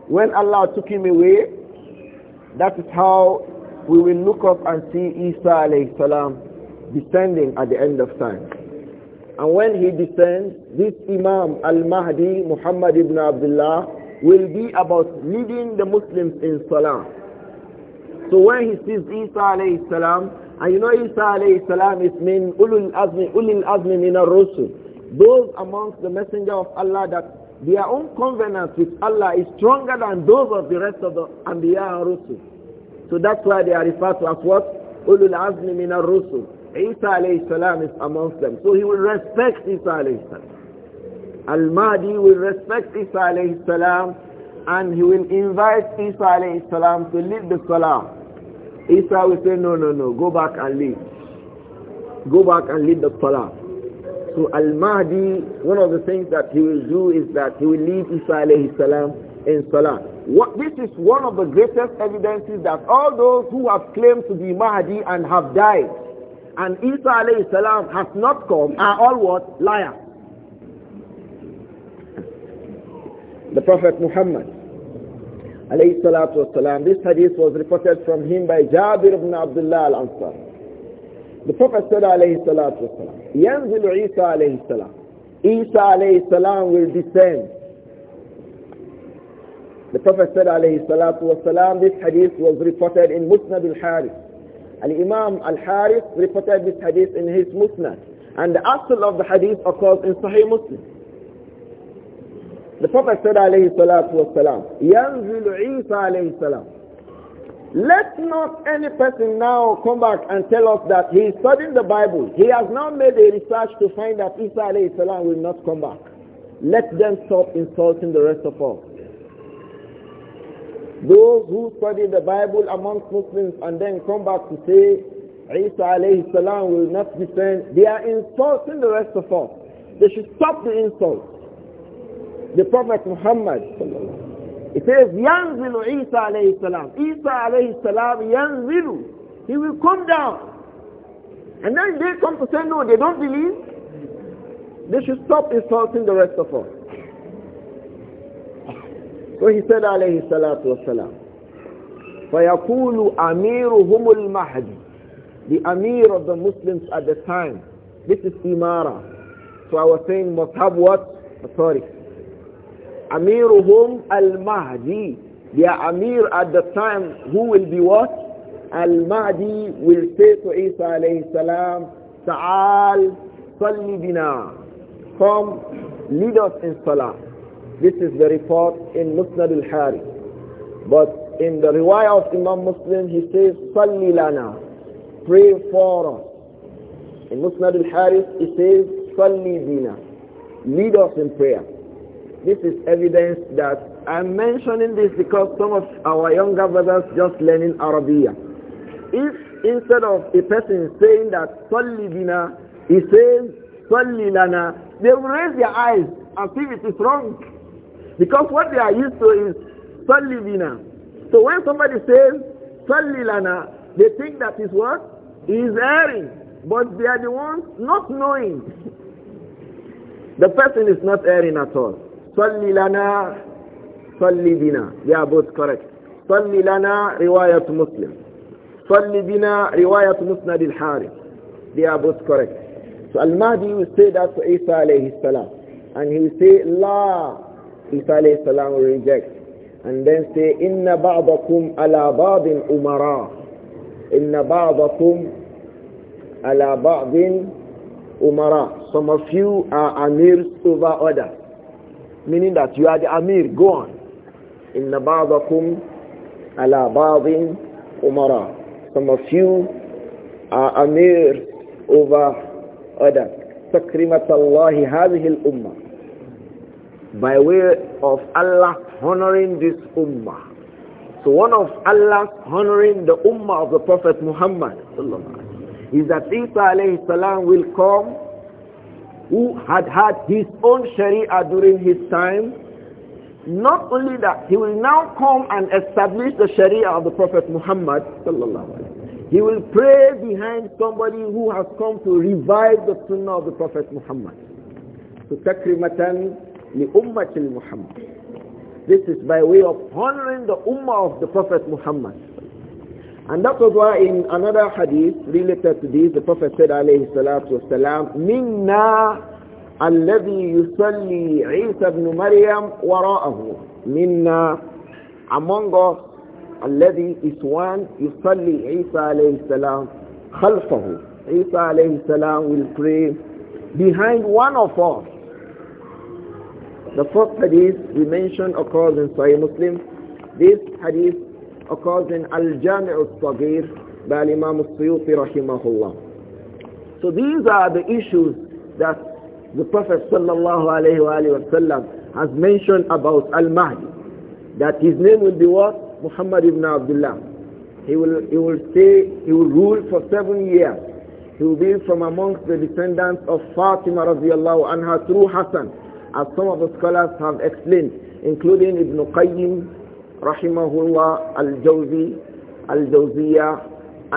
Speaker 1: when Allah took him away, that is how we will look up and see Isa alayhi salam descending at the end of time. And when he descends, this Imam al-Mahdi, Muhammad ibn Abdullah, will be about leading the Muslims in Salah. So when he sees Isa alayhi salam, and you know Isa alayhi salam is mean ulul azmi, ulul azmi min ar-rusul. Those amongst the messenger of Allah that their own covenant with Allah is stronger than those of the rest of the Anbiya and Rusul. So that's why they are referred to as what? Ulul azmi min ar-rusul. Isa alayhi salam is amongst them. So he will respect Isa alayhi salam. Al-Mahdi will respect Isa alayhi salam and he will invite Isa alayhi salam to lead the salah Isa will say, no, no, no, go back and lead. Go back and lead the Salah. So Al-Mahdi, one of the things that he will do is that he will lead Isa alayhi salam in Salah. What, this is one of the greatest evidences that all those who have claimed to be Mahdi and have died and Isa alayhi salam has not come are all what? Liars. The Prophet Muhammad alayhi salatu wasalam, this hadith was reported from him by Jabir ibn Abdullah al-Ansar. The Prophet said alayhi salatu wasalam, ينزل alayhi salam. Isa alayhi salam will descend. The Prophet said alayhi salatu wasalam, this hadith was reported in Musnad al-Harith. Al-Imam al-Harith reported this hadith in his Musnad. And the actual of the hadith occurs in Sahih Muslim. The Prophet said alayhi salatu wasalam, Yanzilu Isa alayhi salam. Let not any person now come back and tell us that he is studying the Bible. He has now made a research to find that Isa alayhi salam will not come back. Let them stop insulting the rest of us. Those who study the Bible amongst Muslims and then come back to say Isa alayhi salam will not descend, they are insulting the rest of us. They should stop the insult the Prophet Muhammad. It says, Yanzilu Isa alayhi salam. Isa alayhi salam yanzilu. He will come down. And then they come to say, no, they don't believe. They should stop insulting the rest of us. So he said, alayhi salatu wasalam, فَيَقُولُ أَمِيرُهُمُ الْمَهْدِ The Amir of the Muslims at the time. This is Imara. So I was saying must have what? Authority. Amiruhum al-Mahdi. Their Amir at the time, who will be what? Al-Mahdi will say to Isa alayhi salam, Ta'al salli bina. Come, lead us in salah. This is the report in Musnad al-Hari. But in the riwayah of Imam Muslim, he says, Salli lana. Pray for us. In Musnad al hari he says, Salli bina. Lead us in prayer. This is evidence that I'm mentioning this because some of our younger brothers just learning Arabia. If instead of a person saying that Salli he says Salilana, lana, they will raise their eyes and see it is wrong. Because what they are used to is Salli So when somebody says Salilana, lana, they think that is what is is erring. But they are the ones not knowing. The person is not erring at all. صلي لنا صلي بنا they are both correct صلي لنا رواية مسلم صلي بنا رواية مسند الحارث they are both correct so Al-Mahdi will say that to Isa alayhi salam and he will say La Isa alayhi salam will reject and then say Inna ba'dakum ala ba'din umara Inna ba'dakum ala ba'din umara some of you are amirs over others meaning that you are the Amir, go on. Inna ba'dakum ala ba'din umara. Some of you are Amir over others. Allahi الله al-Umma. by way of Allah honoring this ummah. So one of Allah honoring the ummah of the Prophet Muhammad is that Isa alayhi salam will come who had had his own sharia during his time, not only that, he will now come and establish the sharia of the Prophet Muhammad He will pray behind somebody who has come to revive the sunnah of the Prophet Muhammad. So takrimatan li ummatil Muhammad. This is by way of honoring the ummah of the Prophet Muhammad and that was why in another hadith related to this, the Prophet said, alayhi salatu wasalam, Minna الذي يصلي Isa ابن Maryam waraahu minna among us الذي is one يصلي Isa عليه السلام khalfahu. Isa عليه السلام will pray behind one of us the first hadith we mentioned occurs in Sahih Muslim this hadith occurs in Al-Jami' al-Saghir by Imam al-Suyuti rahimahullah. So these are the issues that the Prophet sallallahu alayhi wa has mentioned about Al-Mahdi. That his name will be what? Muhammad ibn Abdullah. He will, he will stay, he will rule for seven years. He will be from amongst the descendants of Fatima radiallahu anha through Hassan, as some of the scholars have explained, including Ibn Qayyim rahimahullah al-Jawzi, al-Jawziyah,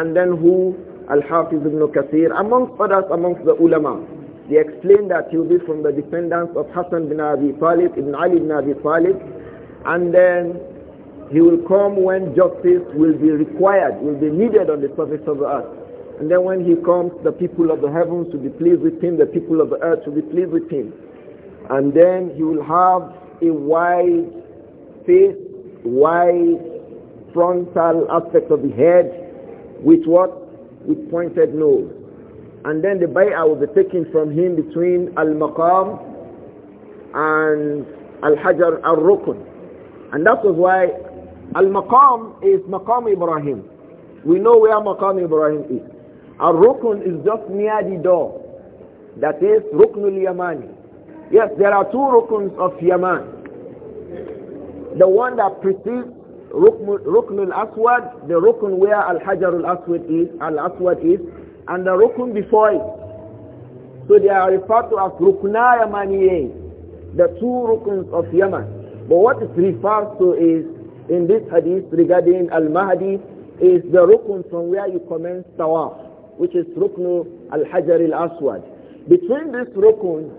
Speaker 1: and then who? Al-Hafiz ibn Kathir, amongst others, amongst the ulama. They explained that he will be from the descendants of Hassan bin Abi Talib, Ibn Ali ibn Abi Talib, and then he will come when justice will be required, will be needed on the surface of the earth. And then when he comes, the people of the heavens will be pleased with him, the people of the earth will be pleased with him. And then he will have a wide face wide frontal aspect of the head with what? With pointed nose. And then the bay'ah will be taken from him between al-maqam and al-hajar al-rukun. And that was why al-maqam is maqam Ibrahim. We know where maqam Ibrahim is. Al-rukun is just near the door. That is ruknul yamani. Yes, there are two rukuns of Yaman the one that precedes Rukn al-Aswad, the Rukn where Al-Hajar al-Aswad is, Al-Aswad is, and the Rukn before it. So they are referred to as Rukna Yamaniye, the two Rukns of Yemen. But what is referred to is, in this hadith regarding Al-Mahdi, is the Rukn from where you commence Tawaf, which is Rukn al-Hajar al-Aswad. Between this Rukn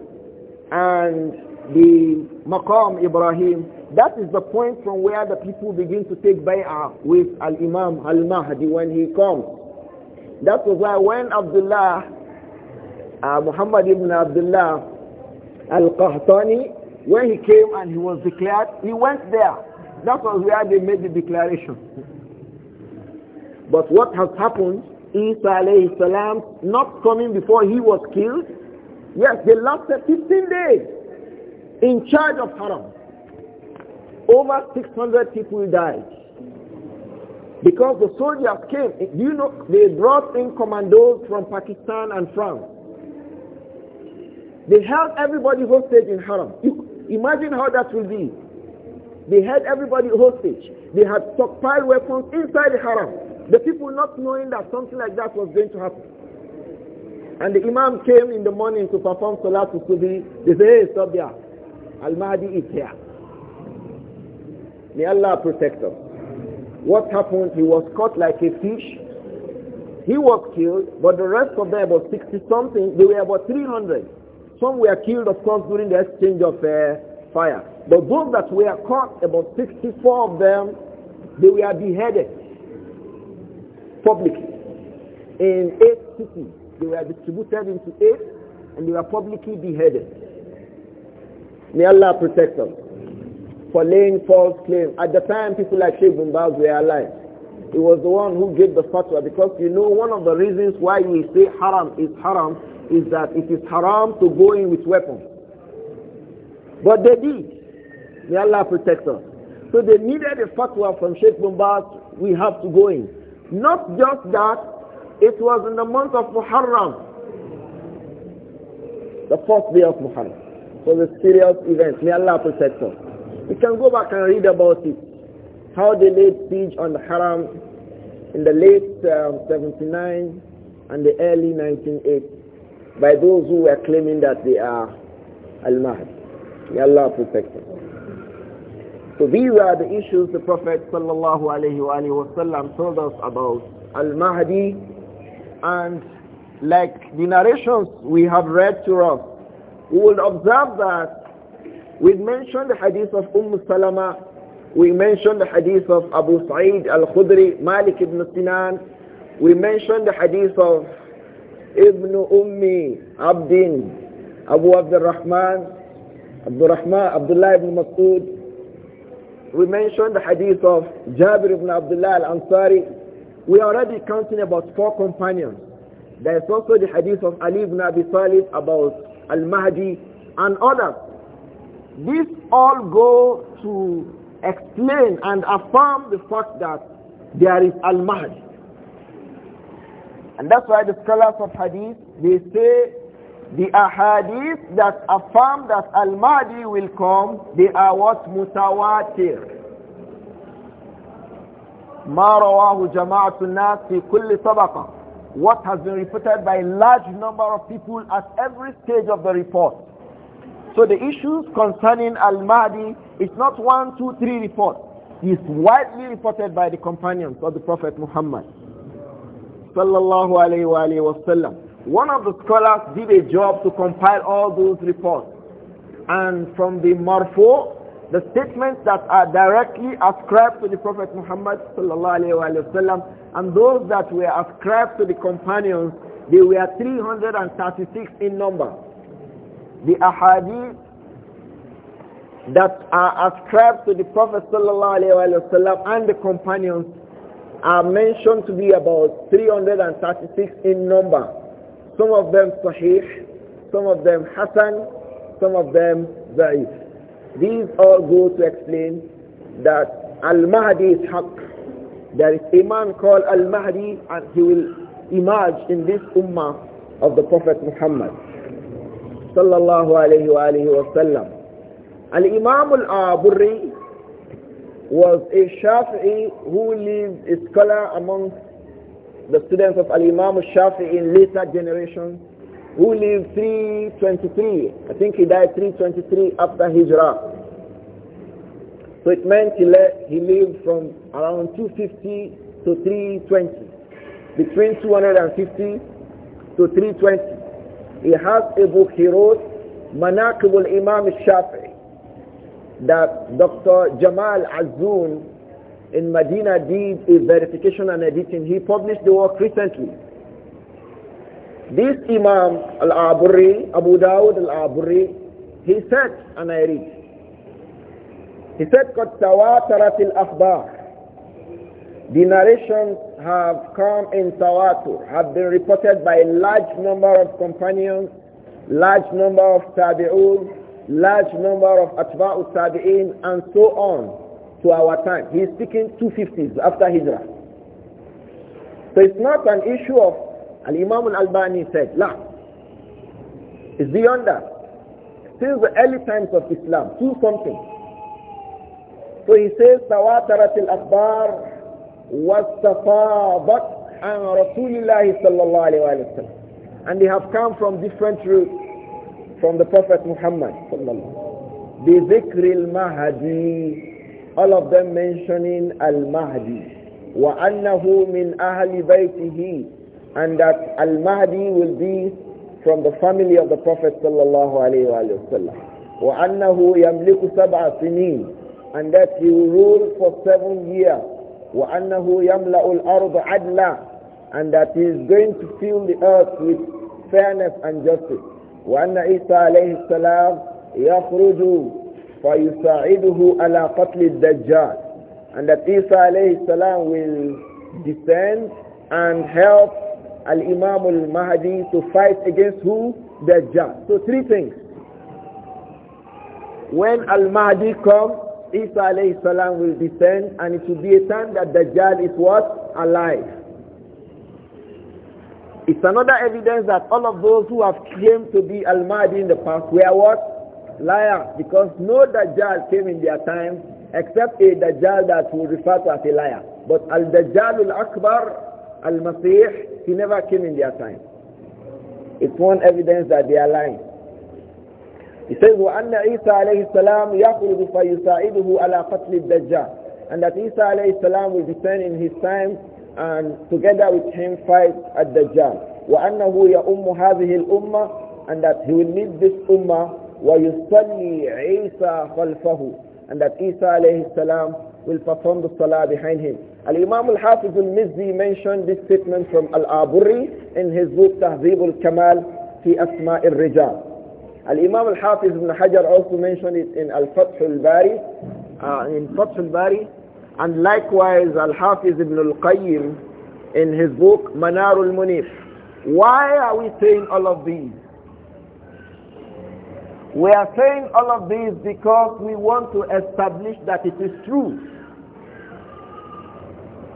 Speaker 1: and the Maqam Ibrahim, that is the point from where the people begin to take bay'ah with Al-Imam Al-Mahdi when he comes. That was why when Abdullah, uh, Muhammad ibn Abdullah Al-Qahtani, when he came and he was declared, he went there. That was where they made the declaration. but what has happened, Isa alayhi salam not coming before he was killed, yes, they lasted 15 days in charge of Haram. Over 600 people died. Because the soldiers came, you know, they brought in commandos from Pakistan and France. They held everybody hostage in Haram. You imagine how that will be. They held everybody hostage. They had stockpiled weapons inside the Haram. The people not knowing that something like that was going to happen. And the Imam came in the morning to perform Salah to Subi. They said, hey, stop there. Al-Mahdi is here. May Allah protect us. What happened? He was caught like a fish. He was killed, but the rest of them, about 60 something, they were about 300. Some were killed, of course, during the exchange of uh, fire. But those that were caught, about 64 of them, they were beheaded publicly in eight cities. They were distributed into eight and they were publicly beheaded. May Allah protect us for laying false claim. At the time, people like Sheikh Bin were alive. He was the one who gave the fatwa because you know one of the reasons why we say haram is haram is that it is haram to go in with weapons. But they did. May Allah protect us. So they needed a fatwa from Sheikh Bin We have to go in. Not just that, it was in the month of Muharram. The fourth day of Muharram. So the serious event. May Allah protect us. You can go back and read about it. How they laid siege on the Haram in the late um, 79 and the early 1980 by those who were claiming that they are Al-Mahdi. May Allah protect them. So these are the issues the Prophet sallallahu alayhi wa told us about Al-Mahdi and like the narrations we have read to us, we will observe that we mentioned the hadith of Umm Salama. We mentioned the hadith of Abu Sa'id al-Khudri, Malik ibn Sinan. We mentioned the hadith of Ibn Ummi Abdin, Abu Abdul Rahman, Abdul Rahman, Abdullah ibn Masud. We mentioned the hadith of Jabir ibn Abdullah al-Ansari. We are already counting about four companions. There is also the hadith of Ali ibn Abi Talib about Al-Mahdi and others. This all go to explain and affirm the fact that there is Al-Mahdi. And that's why the scholars of Hadith, they say the Ahadith that affirm that Al-Mahdi will come, they are what? Mutawatir. ما رواه جماعة الناس في كل طبقة what has been reported by a large number of people at every stage of the report so the issues concerning Al-Mahdi is not one, two, three report. It is widely reported by the companions of the Prophet Muhammad. Sallallahu alayhi wa sallam. One of the scholars did a job to compile all those reports. And from the Marfu, the statements that are directly ascribed to the Prophet Muhammad sallallahu alayhi wa, alayhi wa sallam, and those that were ascribed to the companions, they were 336 in number the ahadith that are ascribed to the Prophet وسلم, and the companions are mentioned to be about 336 in number. Some of them Sahih, some of them Hassan, some of them Za'if. These all go to explain that Al-Mahdi is Haqq. There is a man called Al-Mahdi and he will emerge in this Ummah of the Prophet Muhammad sallallahu alayhi wa alihi wa sallam. al abu al was a Shafi'i who lived a scholar amongst the students of Al-Imam al-Shafi'i in later generations who lived 323. I think he died 323 after Hijrah. So it meant he, le- he lived from around 250 to 320, between 250 to 320. He has a book he wrote, Manaqib دكتور imam عزون shafii that Dr. Jamal Azun in Medina did a verification and editing. He published the work recently. This Imam al-Aburi, Abu Dawud al-Aburi, he said, and I read, he said, قَدْ تَوَاتَرَتِ الْأَخْبَارِ The narrations have come in Tawatur, have been reported by a large number of companions, large number of tabi'un, large number of atba'u tabi'in, and so on to our time. He is speaking 250s after Hijrah. So it's not an issue of Al-Imam al-Albani said, La. It's beyond that. Since the early times of Islam, do something. So he says, Tawatarat al-Akbar واستفاضت عن رسول الله صلى الله عليه وسلم and they have come from different routes from the Prophet Muhammad صلى الله عليه وسلم المهدي all of them mentioning al-Mahdi وأنه من أهل بيته and that al-Mahdi will be from the family of the Prophet صلى الله عليه وسلم وأنه يملك سبع سنين and that he will rule for seven years وأنه يملأ الأرض عدلا and that he is going to fill the earth with fairness and justice وأن عيسى عليه السلام يخرج فيساعده على قتل الدجال and that Isa عليه السلام will descend and help Al-Imam mahdi to fight against who? Dajjal. So three things. When Al-Mahdi comes, Isa alayhi salam will descend and it will be a time that Dajjal is what? Alive. It's another evidence that all of those who have claimed to be Al-Mahdi in the past were what? Liars. Because no Dajjal came in their time except a Dajjal that we refer to as a liar. But Al-Dajjal Al-Akbar, Al-Masih, he never came in their time. It's one evidence that they are lying. He أن عِيسَى عليه السلام يَخْرُجُ فَيُسَاعِدُهُ عَلَى قَتْلِ الدَّجَّالِ And that Isa alayhi salam will descend in his time and together with him fight at Dajjal. وَأَنَّهُ يَأُمُّ هَذِهِ الْأُمَّةِ And that he will lead this ummah وَيُصَلِّي عِيسَى خَلْفَهُ And that Isa alayhi salam will perform the salah behind him. Al-Imam al-Hafiz al-Mizzi mentioned this statement from Al-Aburi in his book Tahzib al-Kamal fi Asma' al-Rijal. Al-Imam al-Hafiz ibn Hajar also mentioned it in Al-Fath al-Bari, uh, in Fath al-Bari, and likewise Al-Hafiz ibn al-Qayyim in his book Manar al-Munif. Why are we saying all of these? We are saying all of these because we want to establish that it is true.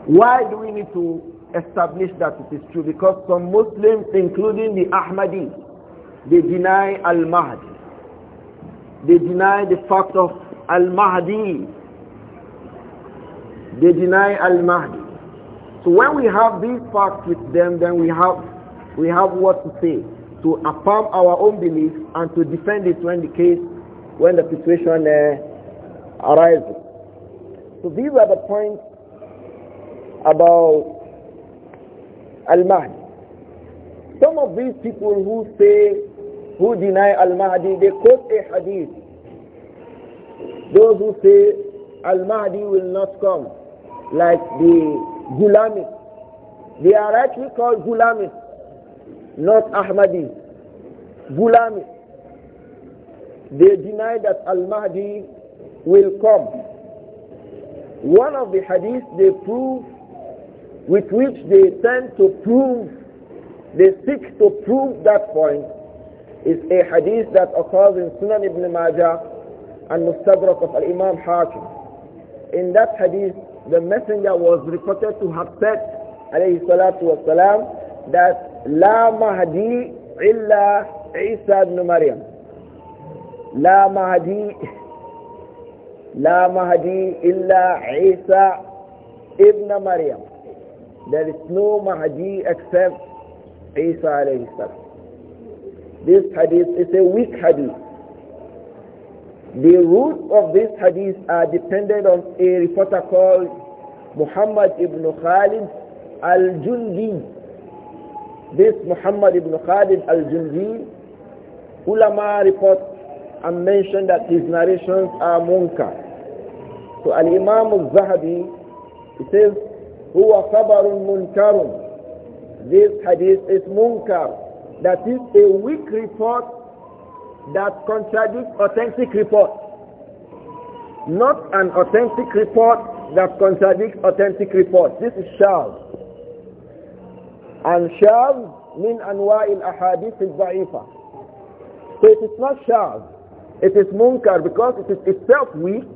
Speaker 1: Why do we need to establish that it is true? Because some Muslims, including the Ahmadis, they deny Al-Mahdi. They deny the fact of Al-Mahdi. They deny Al-Mahdi. So when we have these facts with them, then we have, we have what to say to affirm our own belief and to defend it when the case, when the situation uh, arises. So these are the points about Al-Mahdi. Some of these people who say who deny Al-Mahdi, they quote a hadith. Those who say Al-Mahdi will not come, like the gulami. They are actually called gulami, not Ahmadi. Gulami. They deny that Al-Mahdi will come. One of the hadiths they prove, with which they tend to prove, they seek to prove that point, is a hadith that occurs in Sunan ibn Majah and Mustadrak of Al-Imam Hakim. In that hadith, the messenger was reported to have said, alayhi salatu wasalam, that La Mahdi illa Isa ibn Maryam. La Mahdi, La Mahdi illa Isa ibn Maryam. There is no Mahdi except Isa alayhi salam. This hadith is a weak hadith. The roots of this hadith are dependent on a reporter called Muhammad ibn Khalid al-Jundi. This Muhammad ibn Khalid al-Jundi, ulama report and mention that his narrations are munkar. So al-Imam al-Zahabi, he says, هو خبر منكر. This hadith is munkar. That is a weak report that contradicts authentic report. Not an authentic report that contradicts authentic report. This is shaz. And shaz min anwa'il ahadith al-da'ifa. So it is not shaz. It is munkar because it is itself weak.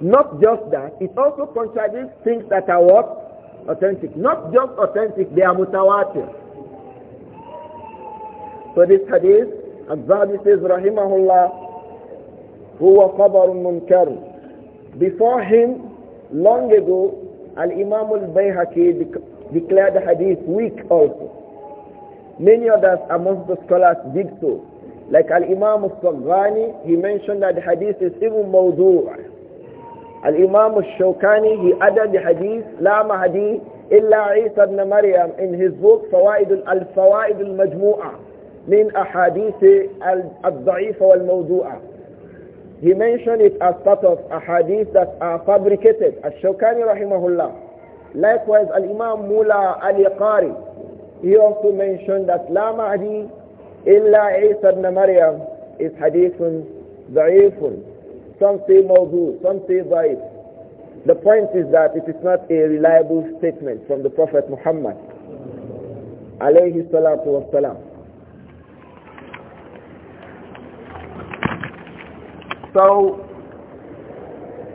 Speaker 1: Not just that, it also contradicts things that are what? Authentic. Not just authentic, they are mutawatir. So this hadith, Al-Zahabi says, Rahimahullah, huwa khabarun munkar. Before him, long ago, Al-Imam al-Bayhaqi declared the hadith weak also. Many others amongst the scholars did so. Like Al-Imam al-Saghani, he mentioned that the hadith is even mawdu'ah. Al-Imam al-Shawkani, he added the hadith, la mahdi illa Isa ibn Maryam in his book Fawaid al-Fawaid majmuah من أحاديث الضعيفة والموضوعة he mentioned it as part of a hadith that are fabricated al رحمه rahimahullah. likewise Imam Mulla Ali اليقاري he also mentioned that لا معدي إلا عيسى ابن مريم is حديث ضعيف some say موضوع some say ضعيف the point is that it is not a reliable statement from the Prophet Muhammad عليه الصلاة والسلام So,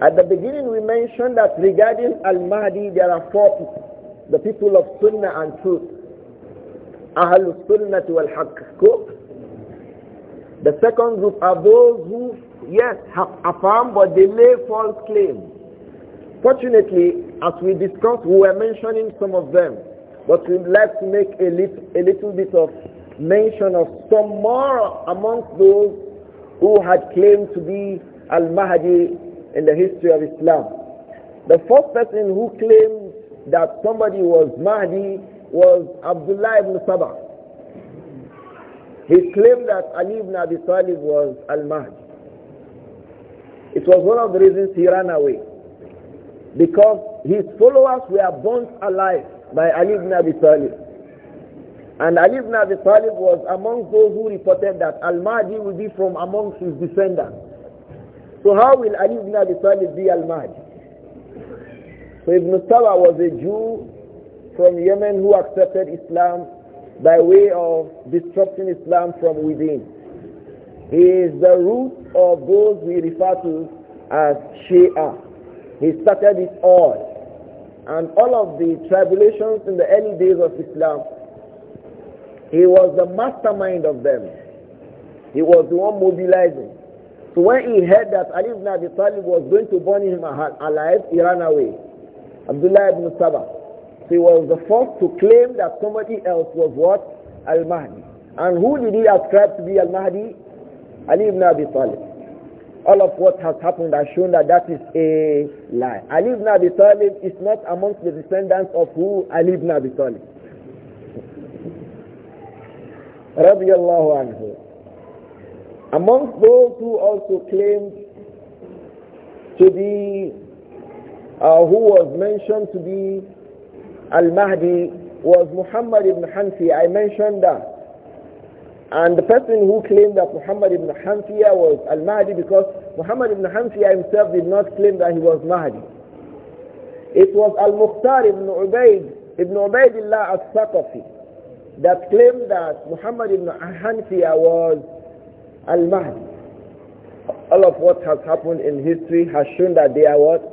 Speaker 1: at the beginning we mentioned that regarding Al-Mahdi there are four people, the people of Sunnah and Truth. Ahlul Sunnah wal Haqq. The second group are those who, yes, have affirmed but they lay false claims. Fortunately, as we discussed, we were mentioning some of them, but we'd like to make a, lit a little bit of mention of some more amongst those who had claimed to be Al-Mahdi in the history of Islam. The first person who claimed that somebody was Mahdi was Abdullah ibn Sabah. He claimed that Ali ibn Abi Talib was Al-Mahdi. It was one of the reasons he ran away. Because his followers were burnt alive by Ali ibn Abi Talib. And Ali ibn Abi Talib was among those who reported that Al-Mahdi will be from amongst his descendants. So how will Ali ibn Abi Talib be Al-Mahdi? So Ibn Saba was a Jew from Yemen who accepted Islam by way of disrupting Islam from within. He is the root of those we refer to as Shia. He started it all. And all of the tribulations in the early days of Islam he was the mastermind of them. He was the one mobilizing. So when he heard that Ali ibn Abi Talib was going to burn him alive, he ran away. Abdullah ibn Sabah. So he was the first to claim that somebody else was what? Al-Mahdi. And who did he ascribe to be Al-Mahdi? Ali ibn Abi Talib. All of what has happened has shown that that is a lie. Ali ibn Abi Talib is not amongst the descendants of who? Ali ibn Abi Talib. radiallahu anhu. Amongst those who also claimed to be, uh, who was mentioned to be Al-Mahdi was Muhammad ibn Hanfi. I mentioned that. And the person who claimed that Muhammad ibn Hanfiya was Al-Mahdi because Muhammad ibn Hanfiya himself did not claim that he was Mahdi. It was Al-Mukhtar ibn Ubaid, ibn Ubaidillah al-Thaqafi that claimed that Muhammad ibn Hanfiya was Al-Mahdi. All of what has happened in history has shown that they are what?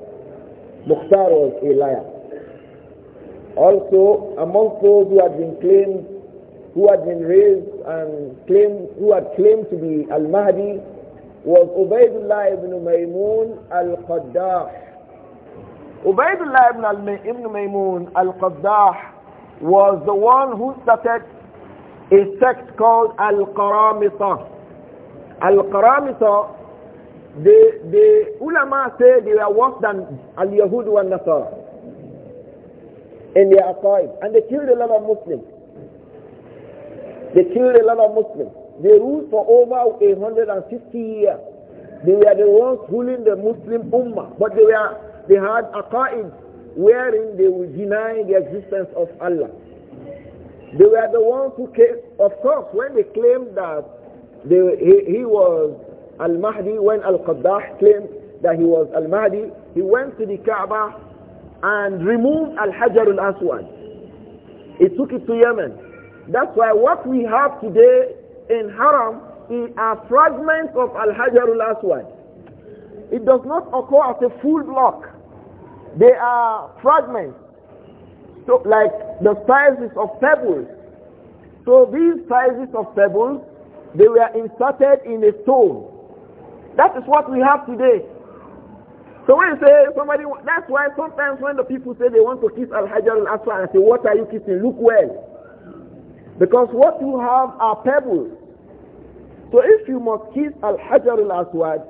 Speaker 1: Mukhtar was a liar. Also, among those who had been claimed, who had been raised and claimed, who had claimed to be Al-Mahdi was Ubaidullah ibn Maymun Al-Qaddah. Ubaidullah ibn, al ibn Maymun Al-Qaddah was the one who started a sect called Al-Qaramita. Al-Qaramita, the, the ulama say they were worse than Al-Yahud and Nasara in their time. And they killed a lot of Muslims. They killed a lot of Muslims. They ruled for over 150 years. They were the ones ruling the Muslim Ummah. But they, were, they had aqaid wherein they will deny the existence of Allah. They were the ones who came, of course, when they claimed that they, he, he was Al-Mahdi, when Al-Qaddah claimed that he was Al-Mahdi, he went to the Kaaba and removed Al-Hajar Al-Aswad. He took it to Yemen. That's why what we have today in Haram is a fragment of Al-Hajar Al-Aswad. It does not occur as a full block. They are fragments, so like the sizes of pebbles. So these sizes of pebbles, they were inserted in a stone. That is what we have today. So when you say somebody, that's why sometimes when the people say they want to kiss Al-Hajar al-Aswad and say, what are you kissing? Look well. Because what you have are pebbles. So if you must kiss Al-Hajar al-Aswad,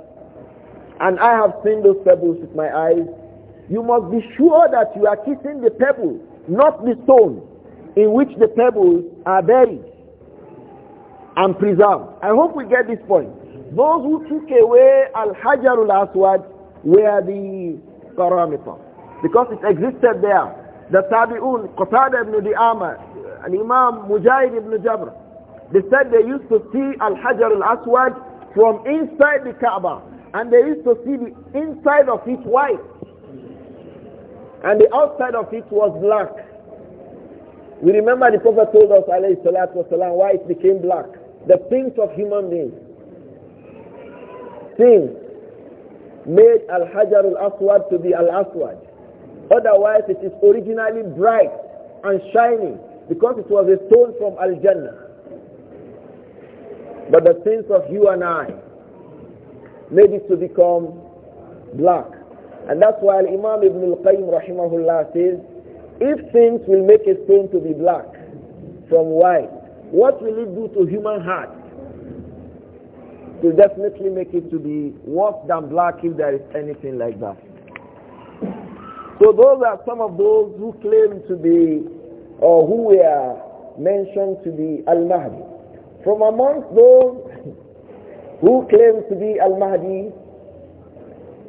Speaker 1: and I have seen those pebbles with my eyes, you must be sure that you are kissing the pebble, not the stone in which the pebbles are buried and preserved. I hope we get this point. Those who took away Al-Hajarul Aswad were the parameter because it existed there. The Tabi'un, Qatada ibn Di'ama, and Imam Mujahid ibn Jabr, they said they used to see Al-Hajar aswad from inside the Kaaba and they used to see the inside of it white. And the outside of it was black. We remember the Prophet told us, alayhi salatu why it became black. The things of human beings. Things made Al-Hajar al-Aswad to be Al-Aswad. Otherwise, it is originally bright and shining because it was a stone from Al-Jannah. But the sins of you and I made it to become black. And that's why Imam Ibn al-Qayyim rahimahullah says, if things will make a stone to be black from white, what will it do to human heart? It will definitely make it to be worse than black if there is anything like that. So those are some of those who claim to be or who were mentioned to be Al-Mahdi. From amongst those who claim to be Al-Mahdi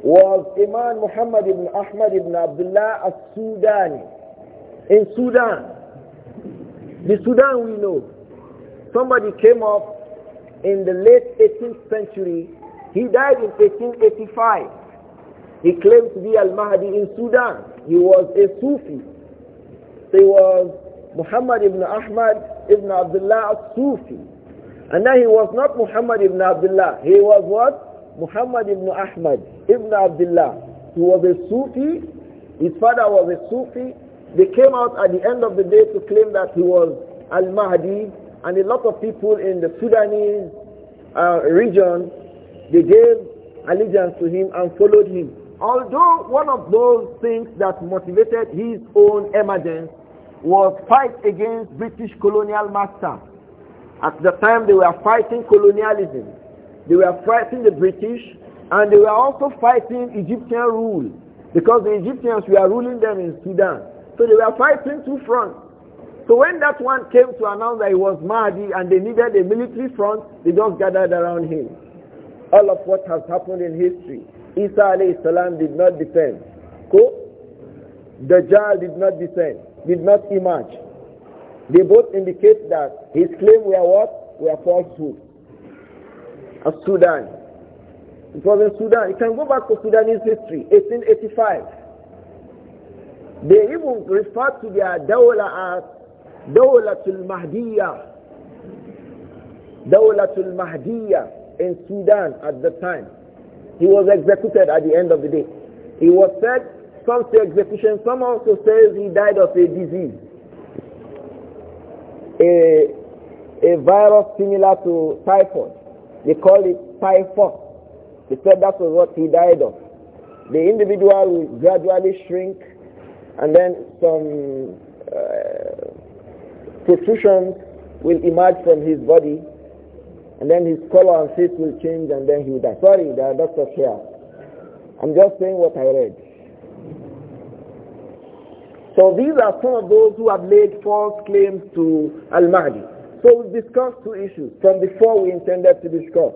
Speaker 1: was Imam Muhammad ibn Ahmad ibn Abdullah al-Sudani in Sudan. The Sudan we know. Somebody came up in the late 18th century. He died in 1885. He claimed to be al-Mahdi in Sudan. He was a Sufi. He was Muhammad ibn Ahmad ibn Abdullah al-Sufi. And then he was not Muhammad ibn Abdullah. He was what? Muhammad ibn Ahmad ibn Abdullah, who was a Sufi, his father was a Sufi. They came out at the end of the day to claim that he was Al-Mahdi, and a lot of people in the Sudanese uh, region, they gave allegiance to him and followed him. Although one of those things that motivated his own emergence was fight against British colonial masters. At the time they were fighting colonialism. They were fighting the British and they were also fighting Egyptian rule because the Egyptians were ruling them in Sudan. So they were fighting two fronts. So when that one came to announce that he was Mahdi and they needed a military front, they just gathered around him. All of what has happened in history. Isa alayhi did not defend. Cool? Dajjal did not defend. did not emerge. They both indicate that his claim were what? Were falsehood of Sudan. It was in Sudan. You can go back to Sudanese history, 1885. They even refer to their Dawla as Dawlatul Mahdiya. Dawlatul Mahdiya in Sudan at the time. He was executed at the end of the day. He was said, some say execution, some also says he died of a disease. A, a virus similar to typhoid. They call it 4. They said that was what he died of. The individual will gradually shrink and then some uh, protrusions will emerge from his body and then his color and face will change and then he will die. Sorry, there are doctors here. I'm just saying what I read. So these are some of those who have laid false claims to Al-Mahdi. So we've discussed two issues from before we intended to discuss.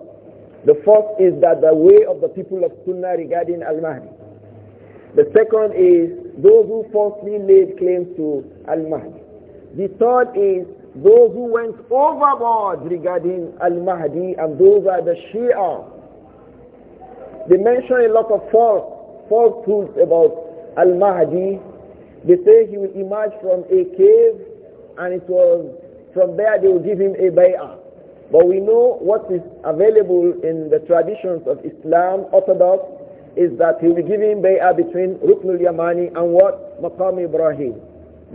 Speaker 1: The first is that the way of the people of Sunnah regarding Al-Mahdi. The second is those who falsely laid claims to Al-Mahdi. The third is those who went overboard regarding Al-Mahdi and those are the Shia. They mention a lot of false, falsehoods about Al-Mahdi. They say he will emerge from a cave and it was from there they will give him a bay'ah. But we know what is available in the traditions of Islam, Orthodox, is that he will be giving bay'ah between Ruknul Yamani and what? Maqam Ibrahim.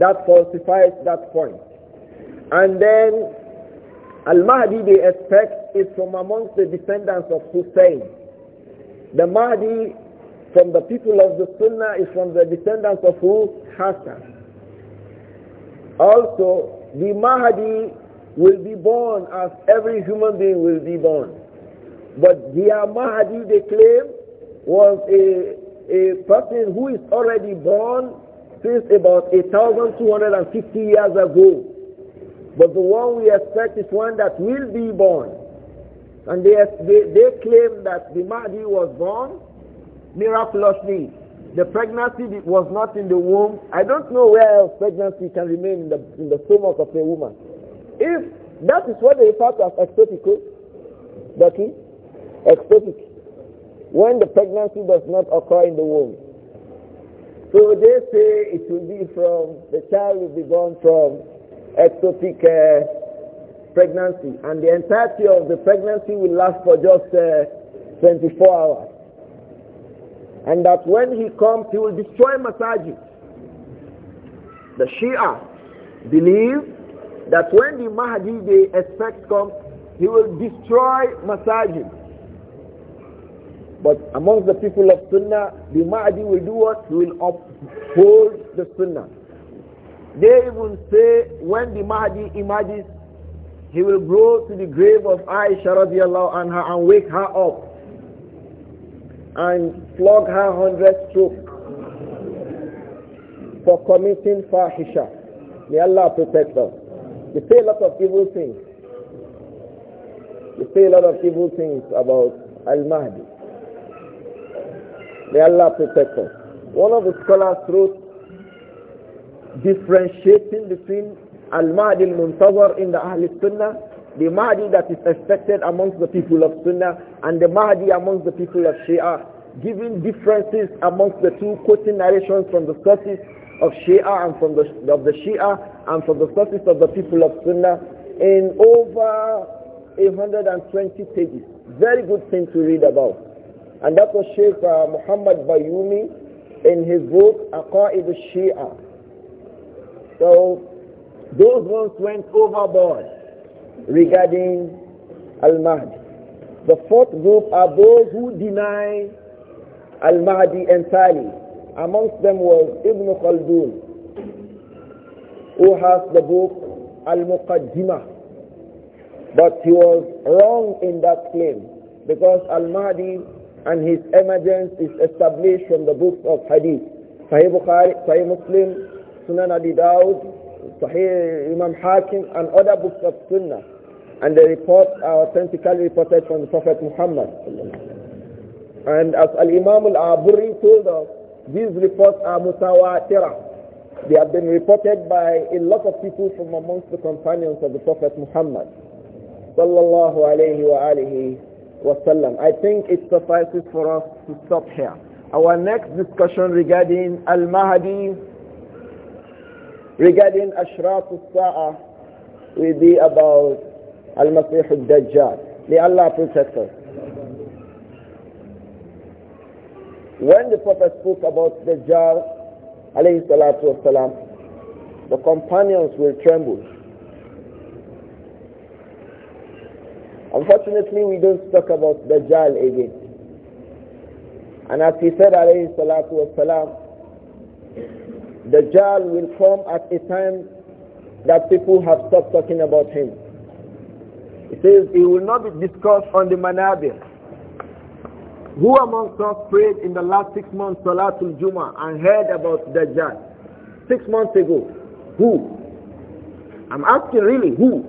Speaker 1: That falsifies that point. And then Al-Mahdi they expect is from amongst the descendants of Hussein. The Mahdi from the people of the Sunnah is from the descendants of who? Hassan. Also, the Mahdi will be born as every human being will be born. But the Mahdi, they claim, was a, a person who is already born since about 1,250 years ago. But the one we expect is one that will be born. And they, they, they claim that the Mahdi was born miraculously the pregnancy was not in the womb, I don't know where else pregnancy can remain in the, in the stomach of a woman. If that is what they refer to as ectopic, Becky, eh? ectopic, when the pregnancy does not occur in the womb. So they say it will be from, the child will be born from ectopic uh, pregnancy and the entirety of the pregnancy will last for just uh, 24 hours. And that when he comes, he will destroy masajid. The Shia believe that when the Mahdi they expect comes, he will destroy masajid. But amongst the people of Sunnah, the Mahdi will do what? He will uphold the Sunnah. They even say when the Mahdi emerges, he will go to the grave of Aisha radiallahu anha and wake her up and flog her hundred strokes for committing fahisha. May Allah protect them. They say a lot of evil things. They say a lot of evil things about Al-Mahdi. May Allah protect them. One of the scholars wrote differentiating between Al-Mahdi al-Muntazar in the Ahl Sunnah the Mahdi that is expected amongst the people of Sunnah and the Mahdi amongst the people of Shia, giving differences amongst the two, quoting narrations from the sources of Shia and from the, of the Shia and from the sources of the people of Sunnah in over 820 pages. Very good thing to read about. And that was Sheikh uh, Muhammad Bayumi in his book Aqa'id al-Shia. So those ones went overboard regarding Al-Mahdi. The fourth group are those who deny Al-Mahdi entirely. Amongst them was Ibn Khaldun, who has the book Al-Muqaddimah. But he was wrong in that claim because Al-Mahdi and his emergence is established from the books of Hadith. Sahih Bukhari, Sahih Muslim, Sunan Abi Dawud, Sahih Imam Hakim and other books of Sunnah. And the reports are authentically reported from the Prophet Muhammad. And as Al-Imam Al-Aburi told us, these reports are mutawatirah. They have been reported by a lot of people from amongst the companions of the Prophet Muhammad. Sallallahu alayhi wa alihi wasallam. I think it suffices for us to stop here. Our next discussion regarding Al-Mahdi regarding Ashraf al-Sa'ah will be about Al-Masih al-Dajjal. May Allah protect us. When the Prophet spoke about Dajjal, alayhi salatu wasalam, the companions will tremble. Unfortunately, we don't talk about Dajjal again. And as he said, alayhi salatu wasalam, Dajjal will come at a time that people have stopped talking about him. It says he will not be discussed on the manabir. Who amongst us prayed in the last six months Salatul Juma and heard about Dajjal? Six months ago. Who? I'm asking really, who?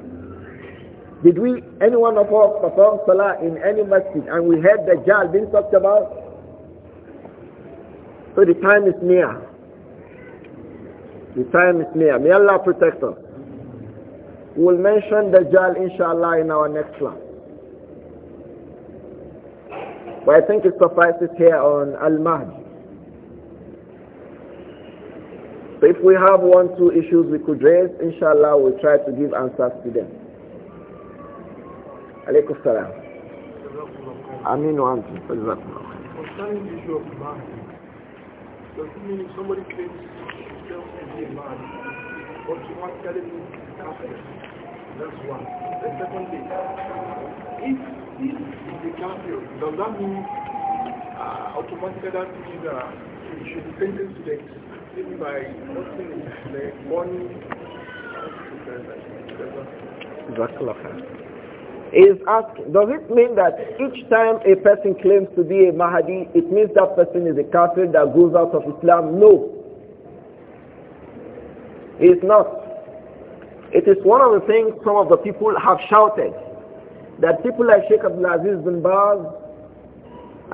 Speaker 1: Did we, any one of us perform Salah in any masjid and we heard Dajjal being talked about? So the time is near. The time is near. May Allah protect us. We will mention Dajjal inshallah in our next class. But I think it suffices here on Al-Mahdi. So if we have one, two issues we could raise, inshallah we'll try to give answers to them. Alaykum salam. Aminu antum.
Speaker 2: Concerning the issue of Mahdi, does it mean if somebody claims be telling me is a Catholic. That's one. The second thing, if this is a Catholic, does that mean uh, automatically that means uh, you should be sentenced to death by nothing like one
Speaker 1: is asked, does it mean that each time a person claims to be a Mahdi, it means that person is a kafir that goes out of Islam? No. It's not. It is one of the things some of the people have shouted that people like Sheikh Abdul Aziz bin Baz,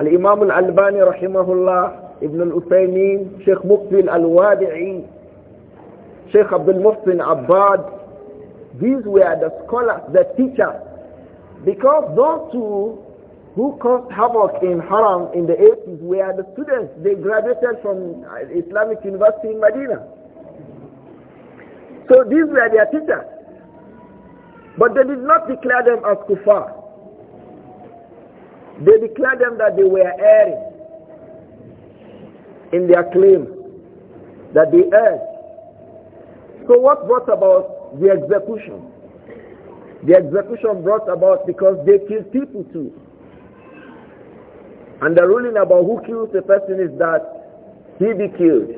Speaker 1: Al Imam Al Albani rahimahullah, Ibn Al Uthaymeen, Sheikh Muqbil Al Wadi'i, Sheikh Abdul Muftin Abbad, these were the scholars, the teachers, because those two who caused havoc in Haram in the 80s were the students. They graduated from Islamic University in Medina. So these were their teachers. But they did not declare them as kuffar. They declared them that they were erring in their claim that they erred. So what brought about the execution? The execution brought about because they killed people too. And the ruling about who kills a person is that he be killed.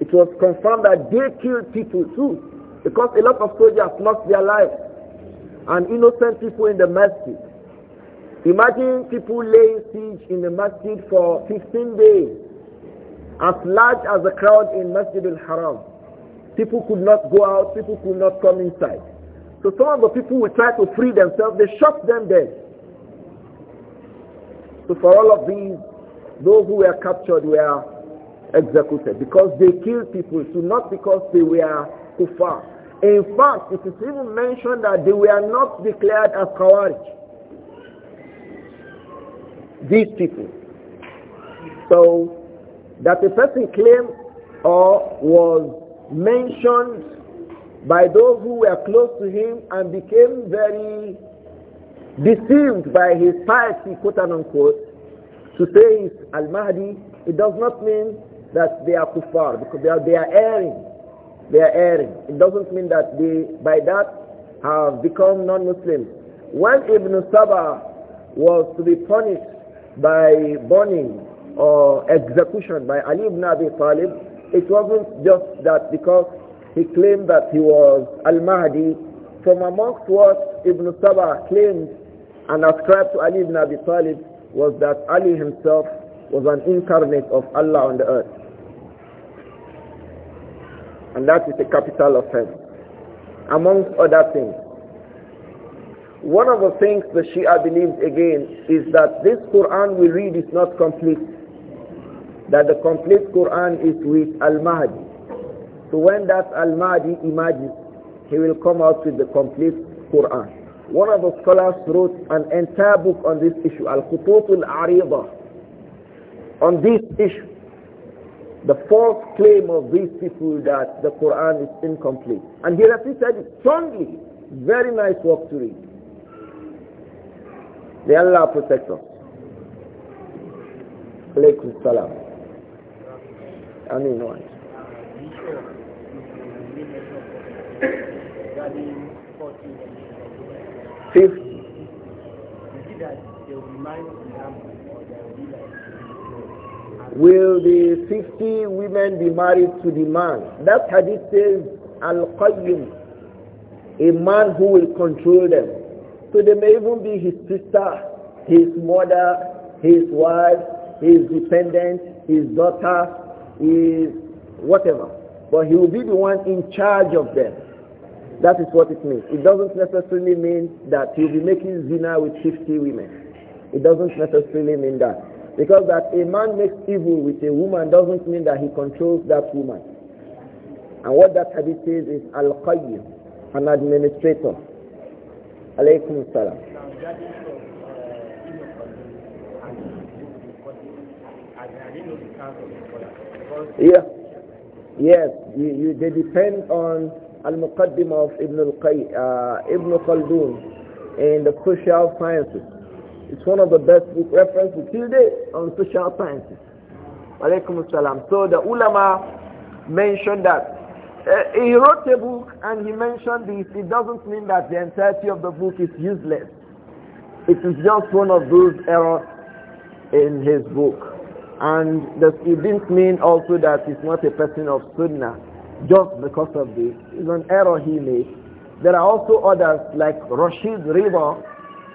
Speaker 1: It was confirmed that they killed people too. Because a lot of soldiers lost their lives and innocent people in the masjid. Imagine people laying siege in the masjid for 15 days, as large as the crowd in Masjid al-Haram. People could not go out, people could not come inside. So some of the people will try to free themselves, they shot them dead. So for all of these, those who were captured were executed because they killed people, so not because they were kuffar. In fact, it is even mentioned that they were not declared as Khawarij. These people. So, that the person claimed or was mentioned by those who were close to him and became very deceived by his piety, quote unquote, to say he's Al-Mahdi, it does not mean that they are kuffar, because they are, they are erring. They are erring. It doesn't mean that they, by that, have become non-Muslims. When Ibn Saba was to be punished by burning or execution by Ali ibn Abi Talib, it wasn't just that because he claimed that he was Al-Mahdi. From amongst what Ibn Saba claimed and ascribed to Ali ibn Abi Talib was that Ali himself was an incarnate of Allah on the earth. And that is a capital offense. Amongst other things. One of the things the Shia believes again is that this Quran we read is not complete. That the complete Quran is with Al-Mahdi. So when that Al-Mahdi emerges, he will come out with the complete Quran. One of the scholars wrote an entire book on this issue, al kutub al-Arida, on this issue the false claim of these people that the Quran is incomplete. And he repeated it strongly. Very nice work to read. May Allah protect us. Alaykum salam. I mean, what? Fifth will the 50 women be married to the man? That hadith says, Al-Qayyim, a man who will control them. So they may even be his sister, his mother, his wife, his dependent, his daughter, his whatever. But he will be the one in charge of them. That is what it means. It doesn't necessarily mean that he'll be making zina with 50 women. It doesn't necessarily mean that. Because that a man makes evil with a woman doesn't mean that he controls that woman. And what that hadith says is al-qayyim, an administrator.
Speaker 2: Alaykum salam. Yeah.
Speaker 1: Yes, you, you, they depend on al-muqaddim of Ibn, al uh, Ibn Khaldun in the social sciences. It's one of the best book references till date on social sciences. Alaykum salam. So the ulama mentioned that. Uh, he wrote a book and he mentioned this. It doesn't mean that the entirety of the book is useless. It is just one of those errors in his book. And that it didn't mean also that he's not a person of sunnah just because of this. It's an error he made. There are also others like Rashid Riva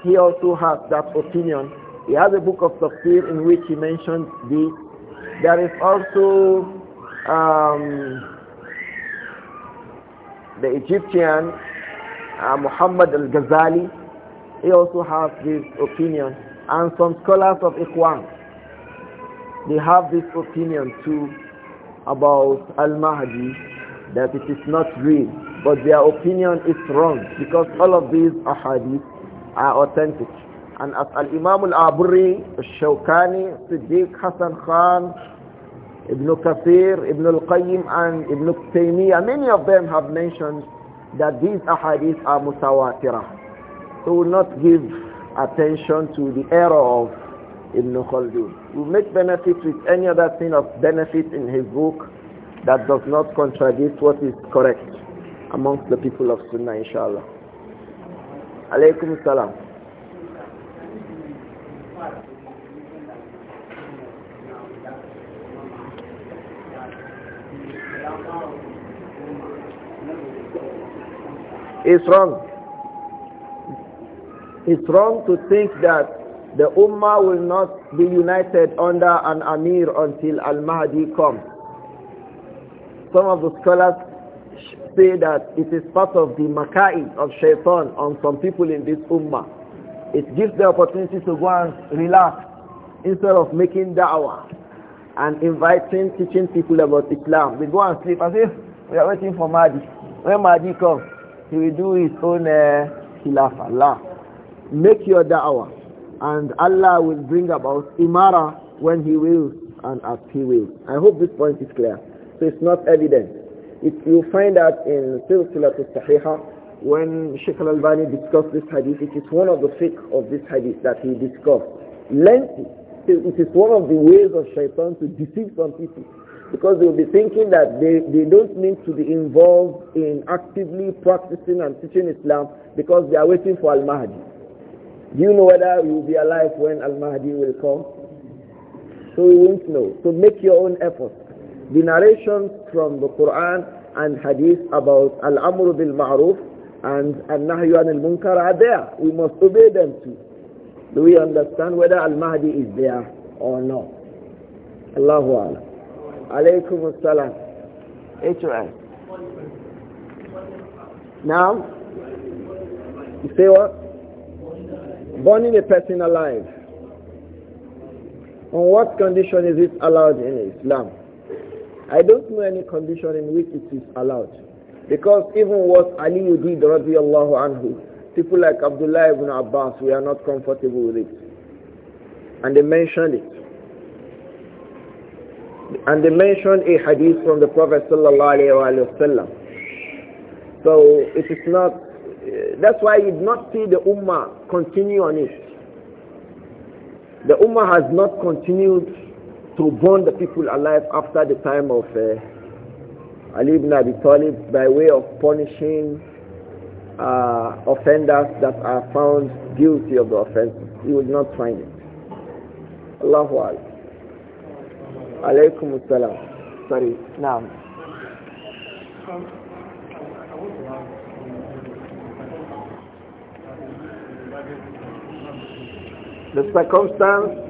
Speaker 1: he also has that opinion. He has a book of tafsir in which he mentions this. There is also um, the Egyptian uh, Muhammad al-Ghazali. He also has this opinion. And some scholars of Ikhwan, they have this opinion too about al-Mahdi, that it is not real. But their opinion is wrong because all of these ahadith are authentic. And as Al-Imam Al-Aburi, Al-Shawkani, Siddiq Hassan Khan, Ibn Kathir, Ibn Al-Qayyim and Ibn Taymiyyah, many of them have mentioned that these ahadith are mutawatirah. So we will not give attention to the error of Ibn Khaldun. We make benefit with any other thing of benefit in his book that does not contradict what is correct amongst the people of Sunnah, inshallah. Alaykum salam. It's wrong. It's wrong to think that the Ummah will not be united under an Amir until Al-Mahdi comes. Some of the scholars say that it is part of the makai of shaitan on some people in this ummah. It gives the opportunity to go and relax instead of making da'wah and inviting, teaching people about Islam. We go and sleep as if we are waiting for Mahdi. When Mahdi comes, he will do his own uh, Allah. Make your da'wah and Allah will bring about imara when he will and as he will. I hope this point is clear. So it's not evident. It, you find that in Silsilat al-Sahiha, when Sheikh al-Albani discussed this hadith, it is one of the fiqh of this hadith that he discussed. Lengthy. It is one of the ways of shaitan to deceive some people because they will be thinking that they, they don't need to be involved in actively practicing and teaching Islam because they are waiting for Al-Mahdi. Do you know whether you will be alive when Al-Mahdi will come? So you won't know. So make your own effort the narrations from the Quran and Hadith about Al-Amru bil Ma'ruf and Al-Nahyu al Munkar are there. We must obey them too. Do we understand whether Al-Mahdi is there or not? Allahu Ala. Alaykum As-Salam. H.O.S. Now,
Speaker 2: you say what?
Speaker 1: Burning a person alive. On what condition is it allowed in Islam? I don't know any condition in which it is allowed. Because even what Ali did, radiallahu anhu, people like Abdullah ibn Abbas, we are not comfortable with it. And they mentioned it. And they mentioned a hadith from the Prophet sallallahu alayhi wa sallam. So it is not, that's why you did not see the Ummah continue on it. The Ummah has not continued to burn the people alive after the time of uh, Ali ibn Abi Talib by way of punishing uh, offenders that are found guilty of the offense. You will not find it. Allahu Akbar. Alaykum as-salam. Sorry. Naam. The circumstance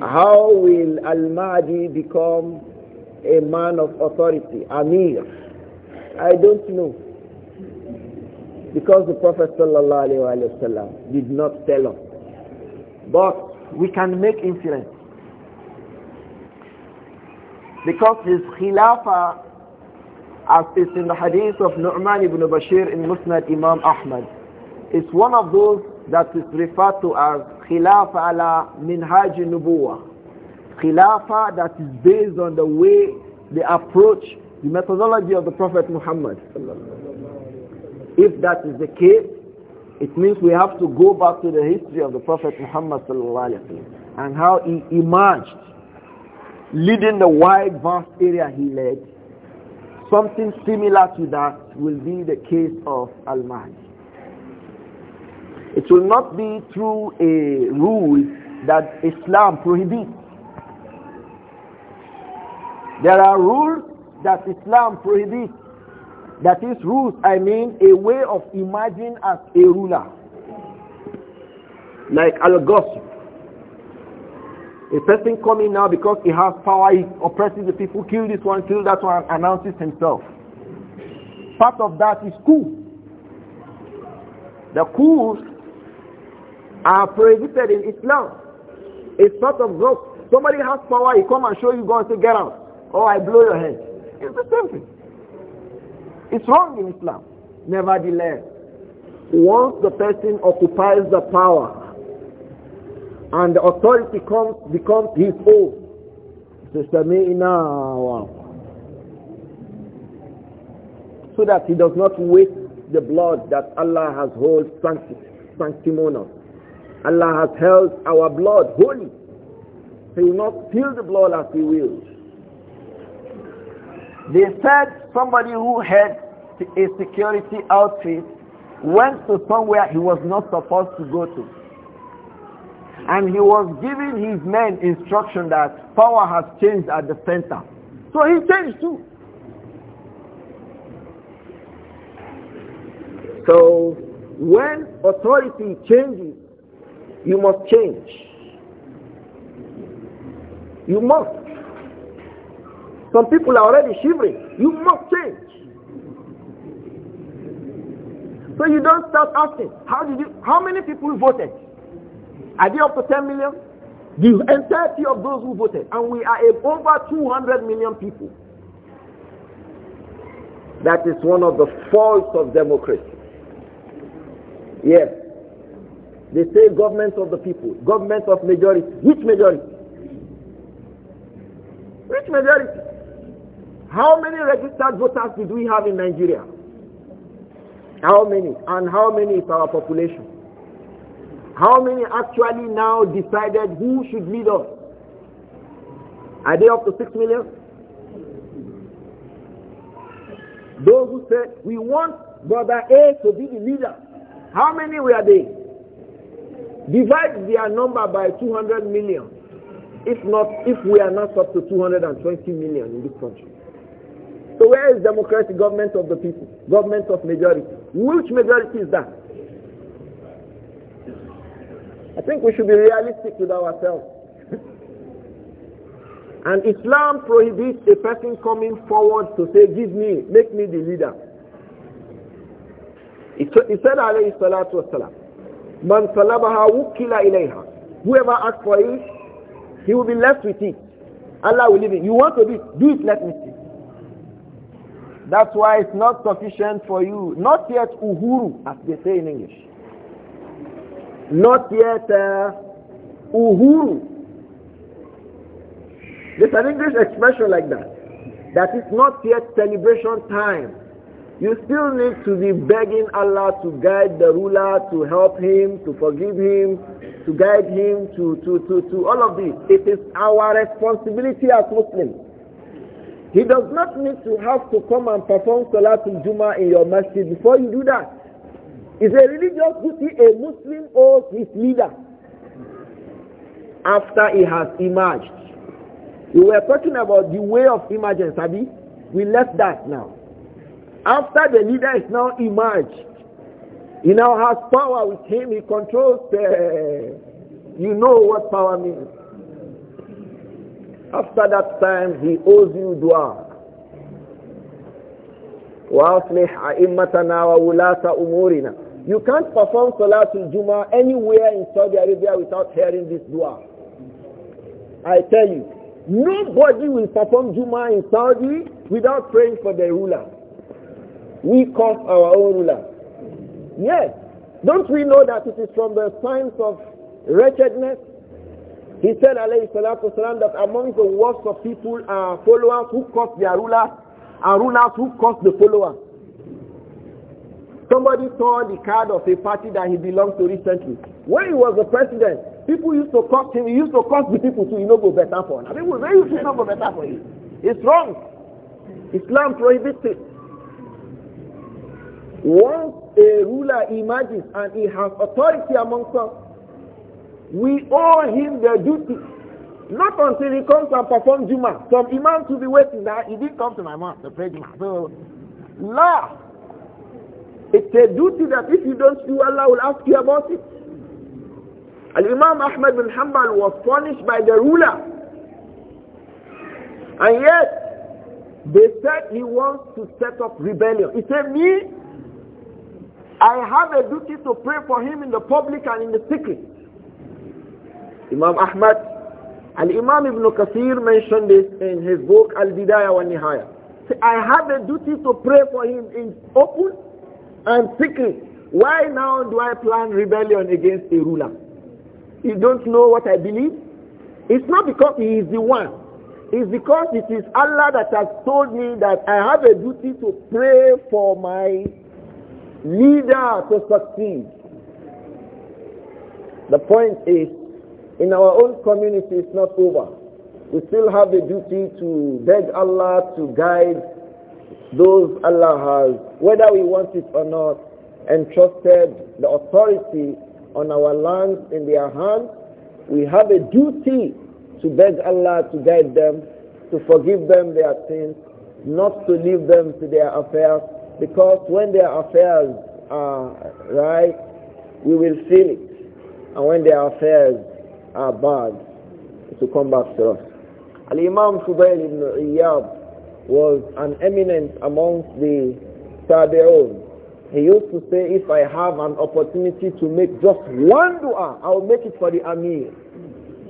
Speaker 1: How will Al-Mahdi become a man of authority, Amir? I don't know. Because the Prophet ﷺ did not tell us. But we can make inference. Because his Khilafah, as is in the hadith of Nu'man ibn Bashir in Musnad Imam Ahmad, is one of those that is referred to as khilaf ala minhaj nubuwa khilafa that is based on the way the approach the methodology of the prophet muhammad if that is the case it means we have to go back to the history of the prophet muhammad and how he emerged leading the wide vast area he led something similar to that will be the case of al-mahdi it will not be through a rule that Islam prohibits. There are rules that Islam prohibits. That is rules, I mean a way of imagining as a ruler. Like al-ghasb. A person coming now because he has power, he oppresses the people, kill this one, kill that one, announces himself. Part of that is cool. The cool are prohibited in Islam. It's part of God. Somebody has power, he come and show you God and say, get out. Or oh, I blow your head. It's the same thing. It's wrong in Islam. Nevertheless, once the person occupies the power and the authority comes, becomes his own, so that he does not waste the blood that Allah has hold sanctimonious. Allah has held our blood holy. He will not feel the blood as He wills. They said somebody who had a security outfit went to somewhere he was not supposed to go to. And he was giving his men instruction that power has changed at the center. So he changed too. So when authority changes, you must change. You must. Some people are already shivering. You must change. So you don't start asking, how did you, how many people voted? Are they up to 10 million? The entirety of those who voted, and we are over 200 million people. That is one of the faults of democracy. Yes, they say government of the people, government of majority. Which majority? Which majority? How many registered voters did we have in Nigeria? How many? And how many is our population? How many actually now decided who should lead us? Are they up to 6 million? Those who said, we want brother A to be the leader. How many were they? Divide their number by 200 million. If not, if we are not up to 220 million in this country. So where is democracy? government of the people? Government of majority. Which majority is that? I think we should be realistic with ourselves. and Islam prohibits a person coming forward to say, give me, make me the leader. He said, alayhi salatu wasalam, Man talabaha wukila ilayha. Whoever asks for it, he will be left with it. Allah will leave it. You want to do it, do it, let me see. That's why it's not sufficient for you. Not yet uhuru, as they say in English. Not yet uh, uhuru. There's an English expression like that. That is not yet celebration time. You still need to be begging Allah to guide the ruler, to help him, to forgive him, to guide him, to, to, to, to all of this. It is our responsibility as Muslims. He does not need to have to come and perform Salatul Jummah in your masjid before you do that. It's a religious duty a Muslim owes his leader after he has emerged. We were talking about the way of emergence, Abi. We left that now. After the leader is now emerged, he now has power with him. He controls the, you know what power means. After that time, he owes you dua. وأصلح أئمتنا وولاة أمورنا You can't perform Salatul Jummah anywhere in Saudi Arabia without hearing this dua. I tell you, nobody will perform Jummah in Saudi without praying for the ruler. We cause our own ruler. Yes. Don't we know that it is from the signs of wretchedness? He said, alayhi salatu that among the worst of people are followers who cause their rulers and rulers who cause the followers. Somebody saw the card of a party that he belonged to recently. When he was the president, people used to curse him, he used to curse the people to, you know, go better for him. I mean, where you should go better for him? It's wrong. Islam prohibits it. Once a ruler emerges and he has authority amongst us, we owe him the duty. Not until he comes and performs Juma. Some imam to be waiting that he didn't come to my mosque to pray Juma. So, La, it's a duty that if you don't do, Allah will ask you about it. Al-Imam Ahmad bin Hanbal was punished by the ruler. And yet, they said he wants to set up rebellion. He said, me, I have a duty to pray for him in the public and in the secret. Imam Ahmad and Imam Ibn Kathir mentioned this in his book Al-Bidayah wa Nihaya. I have a duty to pray for him in open and secret. Why now do I plan rebellion against a ruler? You don't know what I believe? It's not because he is the one. It's because it is Allah that has told me that I have a duty to pray for my leader to succeed. The point is, in our own community, it's not over. We still have a duty to beg Allah to guide those Allah has, whether we want it or not, entrusted the authority on our lands in their hands. We have a duty to beg Allah to guide them, to forgive them their sins, not to leave them to their affairs, because when their affairs are right, we will feel it. And when their affairs are bad, it will come back to us. Al-Imam Fudail ibn Iyab was an eminent amongst the Tabi'un. He used to say, if I have an opportunity to make just one dua, I will make it for the Amir.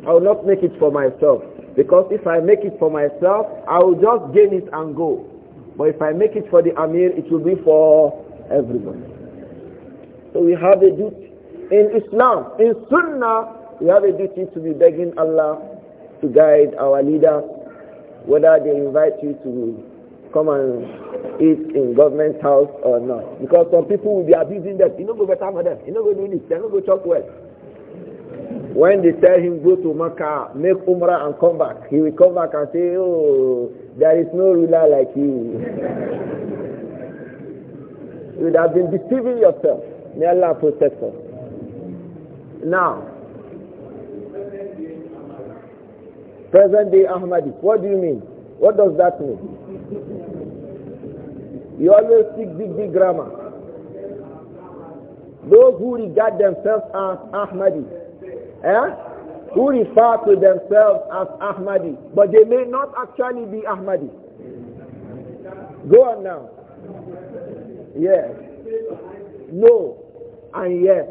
Speaker 1: I will not make it for myself. Because if I make it for myself, I will just gain it and go. But if I make it for the Amir, it will be for everyone. So we have a duty. In Islam, in Sunnah, we have a duty to be begging Allah to guide our leader, whether they invite you to come and eat in government house or not. Because some people will be abusing them. You know, go better for them. You know, go do this. You know, go talk well. When they tell him go to Makkah, make Umrah and come back, he will come back and say, oh, there is no ruler like you. you would have been deceiving yourself. May Allah protect us. Now, present day Ahmadi, what do you mean? What does that mean? You always speak big, big grammar. Those who regard themselves as Ahmadi, eh, who refer to themselves as Ahmadi, but they may not actually be Ahmadi.
Speaker 2: Go on now. Yes.
Speaker 1: No. And yes.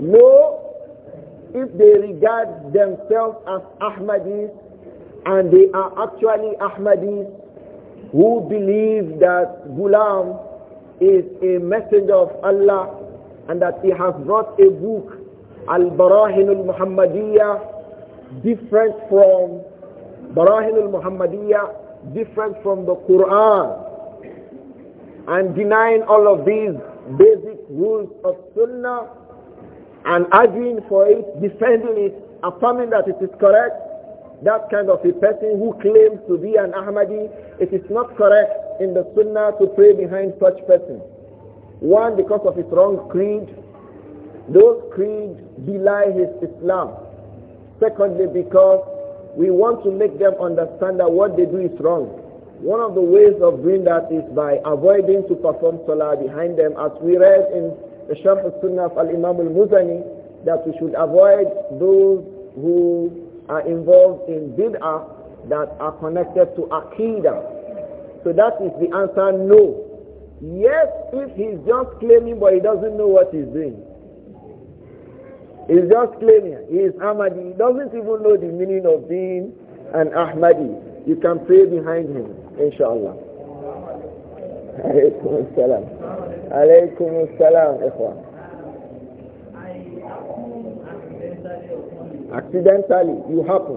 Speaker 1: No, if they regard themselves as Ahmadis and they are actually Ahmadis who believe that Ghulam is a messenger of Allah and that he has brought a book, Al-Barahin al different from Barahin al-Muhammadiyya, different from the Quran. And denying all of these basic rules of Sunnah and arguing for it, defending it, affirming that it is correct, that kind of a person who claims to be an Ahmadi, it is not correct in the Sunnah to pray behind such person. One because of his wrong creed. Those creeds belie his Islam. Secondly, because we want to make them understand that what they do is wrong. One of the ways of doing that is by avoiding to perform salah behind them, as we read in the Sharh al-Sunnah of Al-Imam al-Muzani, that we should avoid those who are involved in bid'ah that are connected to aqidah. So that is the answer no. Yes, if he's just claiming but he doesn't know what he's doing. He's just claiming. He is Ahmadi. He doesn't even know the meaning of being an Ahmadi. You can pray behind him, inshallah.
Speaker 2: Alaykum
Speaker 1: salam. Alaykum salam, ikhwan. Accidentally, you happen.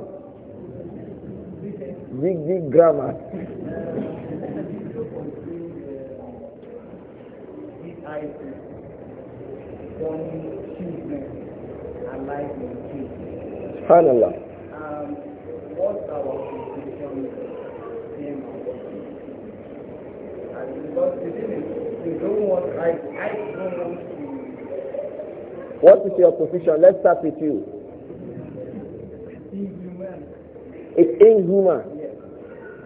Speaker 1: Big, big grammar.
Speaker 2: life forming children and life in Um, what's our position in the we don't want I don't want to
Speaker 1: what is your position? Let's start with you. It's inhuman. It's inhuman.
Speaker 2: Yes.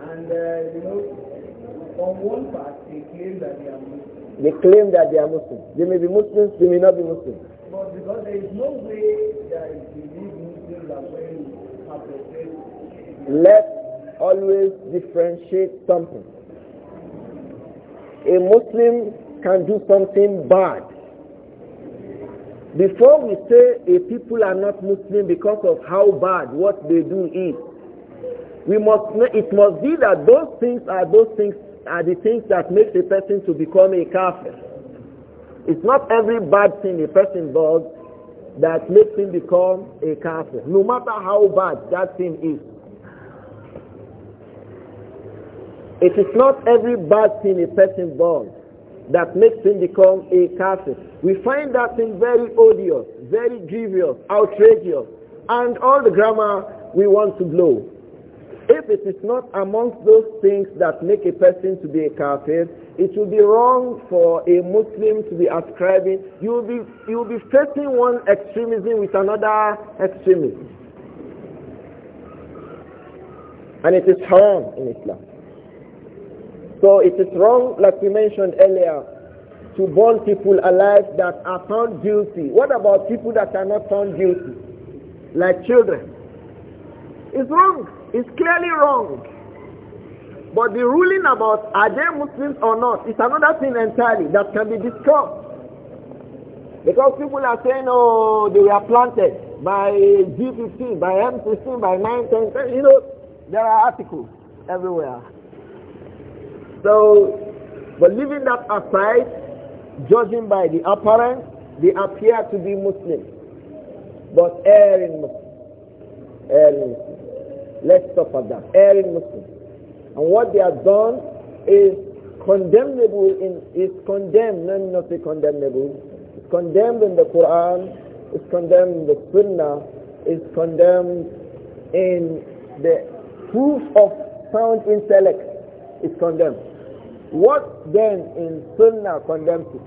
Speaker 2: And uh, you know, on one part, they claim that they are they claim
Speaker 1: that they are Muslims. They may be Muslims, they may not be Muslims.
Speaker 2: But because there is no way that if you Muslims are going to
Speaker 1: Let's always differentiate something. A Muslim can do something bad. Before we say a people are not Muslim because of how bad what they do is, we must it must be that those things are those things are the things that makes a person to become a kafir. It's not every bad thing a person does that makes him become a kafir, no matter how bad that thing is. It is not every bad thing a person does that makes him become a kafir. We find that thing very odious, very grievous, outrageous, and all the grammar we want to blow. If it is not amongst those things that make a person to be a kafir, it will be wrong for a Muslim to be ascribing. You will be, you will be facing one extremism with another extremism. And it is haram in Islam. So it is wrong, like we mentioned earlier, to burn people alive that are found guilty. What about people that are not found guilty? Like children. It's wrong is clearly wrong. But the ruling about are they Muslims or not is another thing entirely that can be discussed. Because people are saying, oh, they were planted by G15, by M15, by 910. You know, there are articles everywhere. So, but leaving that aside, judging by the apparent, they appear to be Muslims. But erring Muslims. Erring Muslims. Let's stop at that. Erring Muslims. And what they have done is condemnable in, is condemned, not not say condemnable. It's condemned in the Quran, it's condemned in the Sunnah, it's condemned in the proof of sound intellect. It's condemned. What then in Sunnah condemns it?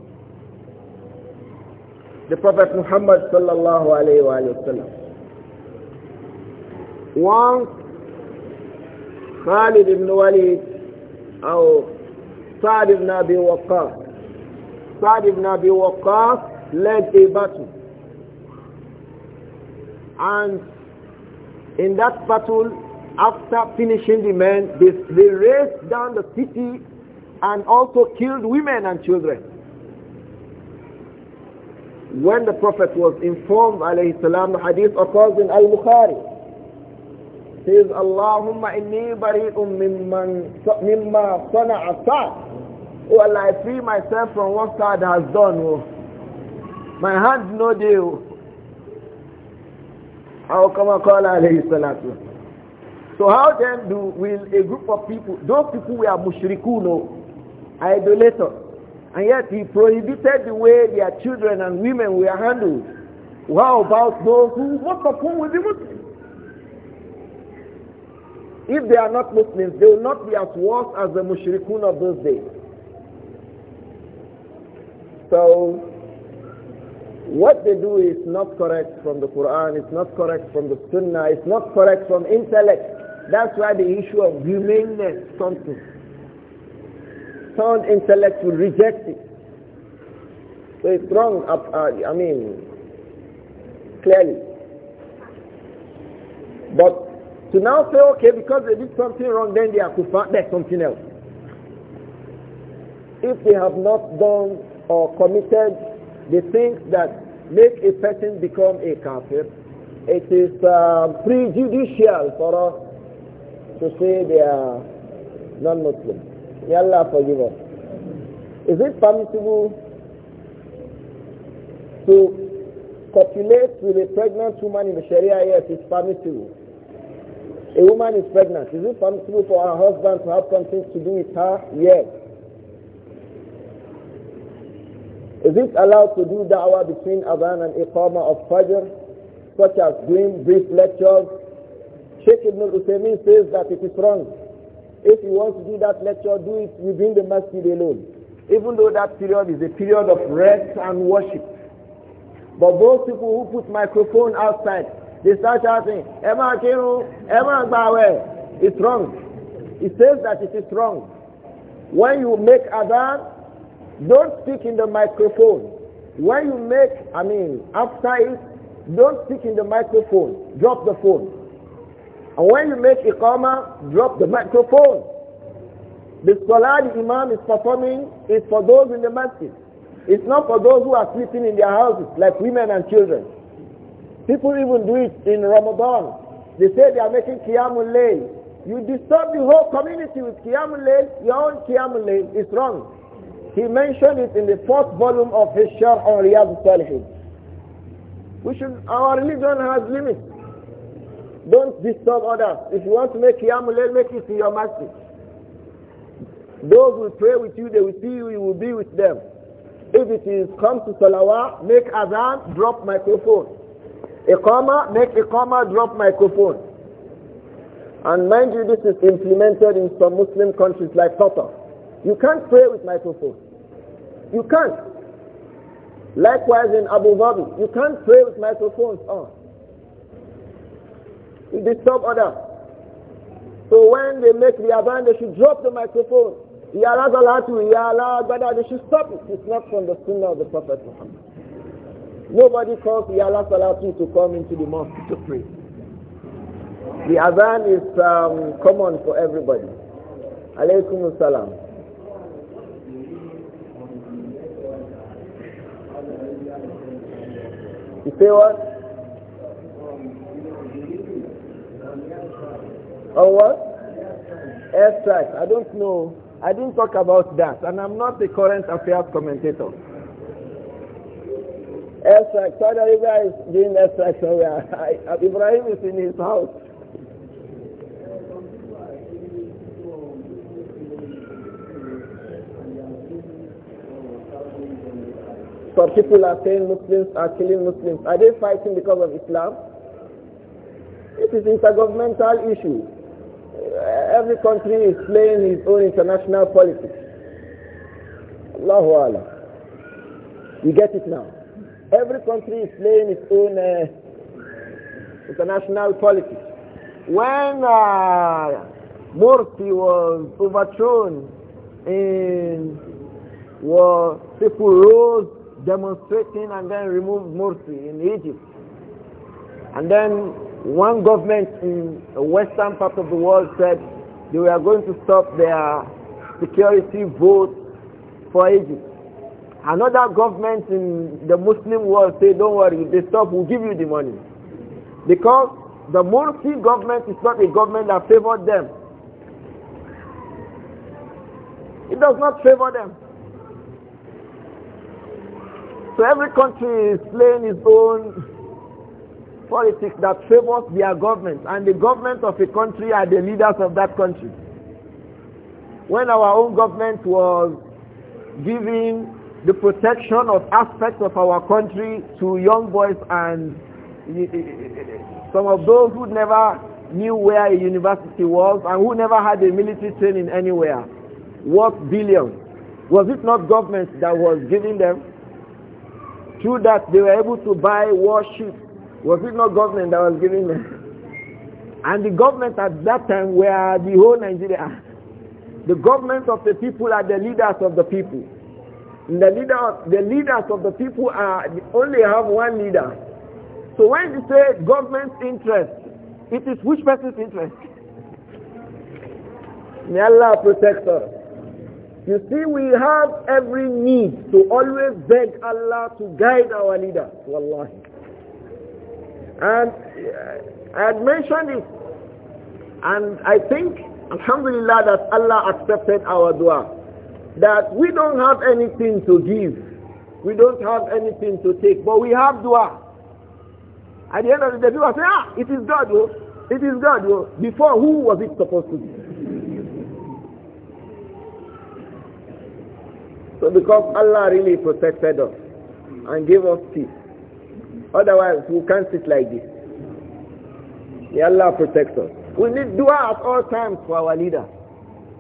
Speaker 1: The Prophet Muhammad sallallahu alayhi wa sallam once خالد بن وليد أو Sa'd ibn Abi Waqqas Sa'd ibn led a battle and in that battle after finishing the men they, they raced down the city and also killed women and children when the prophet was informed alayhi salam the hadith occurs in al-bukhari says, Allahumma inni bari'un mimman, mimma sana'a sa Oh Allah, I free myself from what God has done. Oh. My hands no deal. Oh. How come I call alayhi salatu? So how then do will a group of people, those people are mushrikun, no, oh, idolaters, and yet he prohibited the way their children and women were handled. How about those who, most of whom will be if they are not Muslims, they will not be as worse as the mushrikun of those days. So, what they do is not correct from the Quran, it's not correct from the Sunnah, it's not correct from intellect. That's why the issue of humaneness comes Sound intellect will reject it. So it's wrong, uh, I mean, clearly. But to now say, okay, because they did something wrong, then they are kufar, There's something else. If they have not done or committed the things that make a person become a kafir, it is um, prejudicial for us to say they are non-Muslim. May Allah forgive us. Is it permissible to copulate with a pregnant woman in the Sharia? Yes, it's permissible. A woman is pregnant. Is it permissible for her husband to have something to do with her? Yes. Is it allowed to do da'wah between Adhan and Iqamah of Fajr, such as doing brief lectures? Sheikh Ibn al-Uthaymeen says that it is wrong. If you want to do that lecture, do it within the masjid alone. Even though that period is a period of rest and worship. But those people who put microphone outside, they start shouting, Emma Kiru, Emma It's wrong. It says that it is wrong. When you make adhan, don't speak in the microphone. When you make, I mean, after it, don't speak in the microphone. Drop the phone. And when you make iqama, drop the microphone. The salah the imam is performing is for those in the masjid. It's not for those who are sleeping in their houses, like women and children. People even do it in Ramadan. They say they are making Qiyamul Layl. You disturb the whole community with Qiyamul Layl. Your own Qiyamul Layl is wrong. He mentioned it in the fourth volume of his Sharh on Riyadh Salihin. We should, our religion has limits. Don't disturb others. If you want to make Qiyamul Layl, make it to your masjid. Those who pray with you, they will see you, you will be with them. If it is come to Salawah, make Adhan, drop microphone. Iqama, make Iqama drop microphone. And mind you, this is implemented in some Muslim countries like Qatar. You can't pray with microphone. You can't. Likewise in Abu Dhabi, you can't pray with microphones on. You disturb others. So when they make the adhan, they should drop the microphone. Ya Allah, Ya Allah, they should stop it. It's not from the sunnah of the Prophet Muhammad. Nobody calls the Yala Salatu to come into the mosque to pray. The Adhan is um, common for everybody. Alaykum salam.
Speaker 2: You say what? Or oh, what?
Speaker 1: Airstrike. I don't know. I didn't talk about that. And I'm not the current affairs commentator extract. Saudi Arabia is doing extraction where Ibrahim is in his house. Some people are saying Muslims are killing Muslims. Are they fighting because of Islam? It is intergovernmental issue. Every country is playing its own international politics. Allahu Allah. You get it now. Every country is playing its own uh, international politics. When uh, Morsi was overthrown and were people rose demonstrating and then removed Morsi in Egypt. And then one government in the western part of the world said they were going to stop their security vote for Egypt. Another government in the Muslim world say, don't worry, if they stop, we'll give you the money. Because the Mursi government is not a government that favored them. It does not favor them. So every country is playing its own politics that favors their government and the government of a country are the leaders of that country. When our own government was giving the protection of aspects of our country to young boys and some of those who never knew where a university was and who never had a military training anywhere worth billions. Was it not government that was giving them? Through that they were able to buy warships. Was it not government that was giving them? And the government at that time were the whole Nigeria. The government of the people are the leaders of the people. The, leader, the leaders of the people are only have one leader. So when you say government's interest, it is which person's interest? May Allah protect us. You see, we have every need to always beg Allah to guide our leader. Wallahi. And
Speaker 2: uh,
Speaker 1: I had mentioned it. And I think, Alhamdulillah, that Allah accepted our dua that we don't have anything to give. We don't have anything to take, but we have dua. At the end of the day, people say, ah, it is God, oh. It is God, oh. Before, who was it supposed to be? so because Allah really protected us and gave us peace. Otherwise, we can't sit like this. May Allah protect us. We need dua at all times for our leader.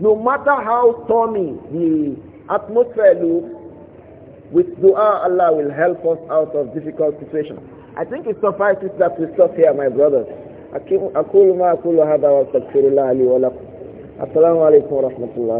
Speaker 1: No matter how stormy the atmosphere looks, with dua Allah will help us out of difficult situations. I think it suffices that we stop here, my brothers. أقول ما أقول هذا وأستغفر الله لي ولكم السلام عليكم ورحمة الله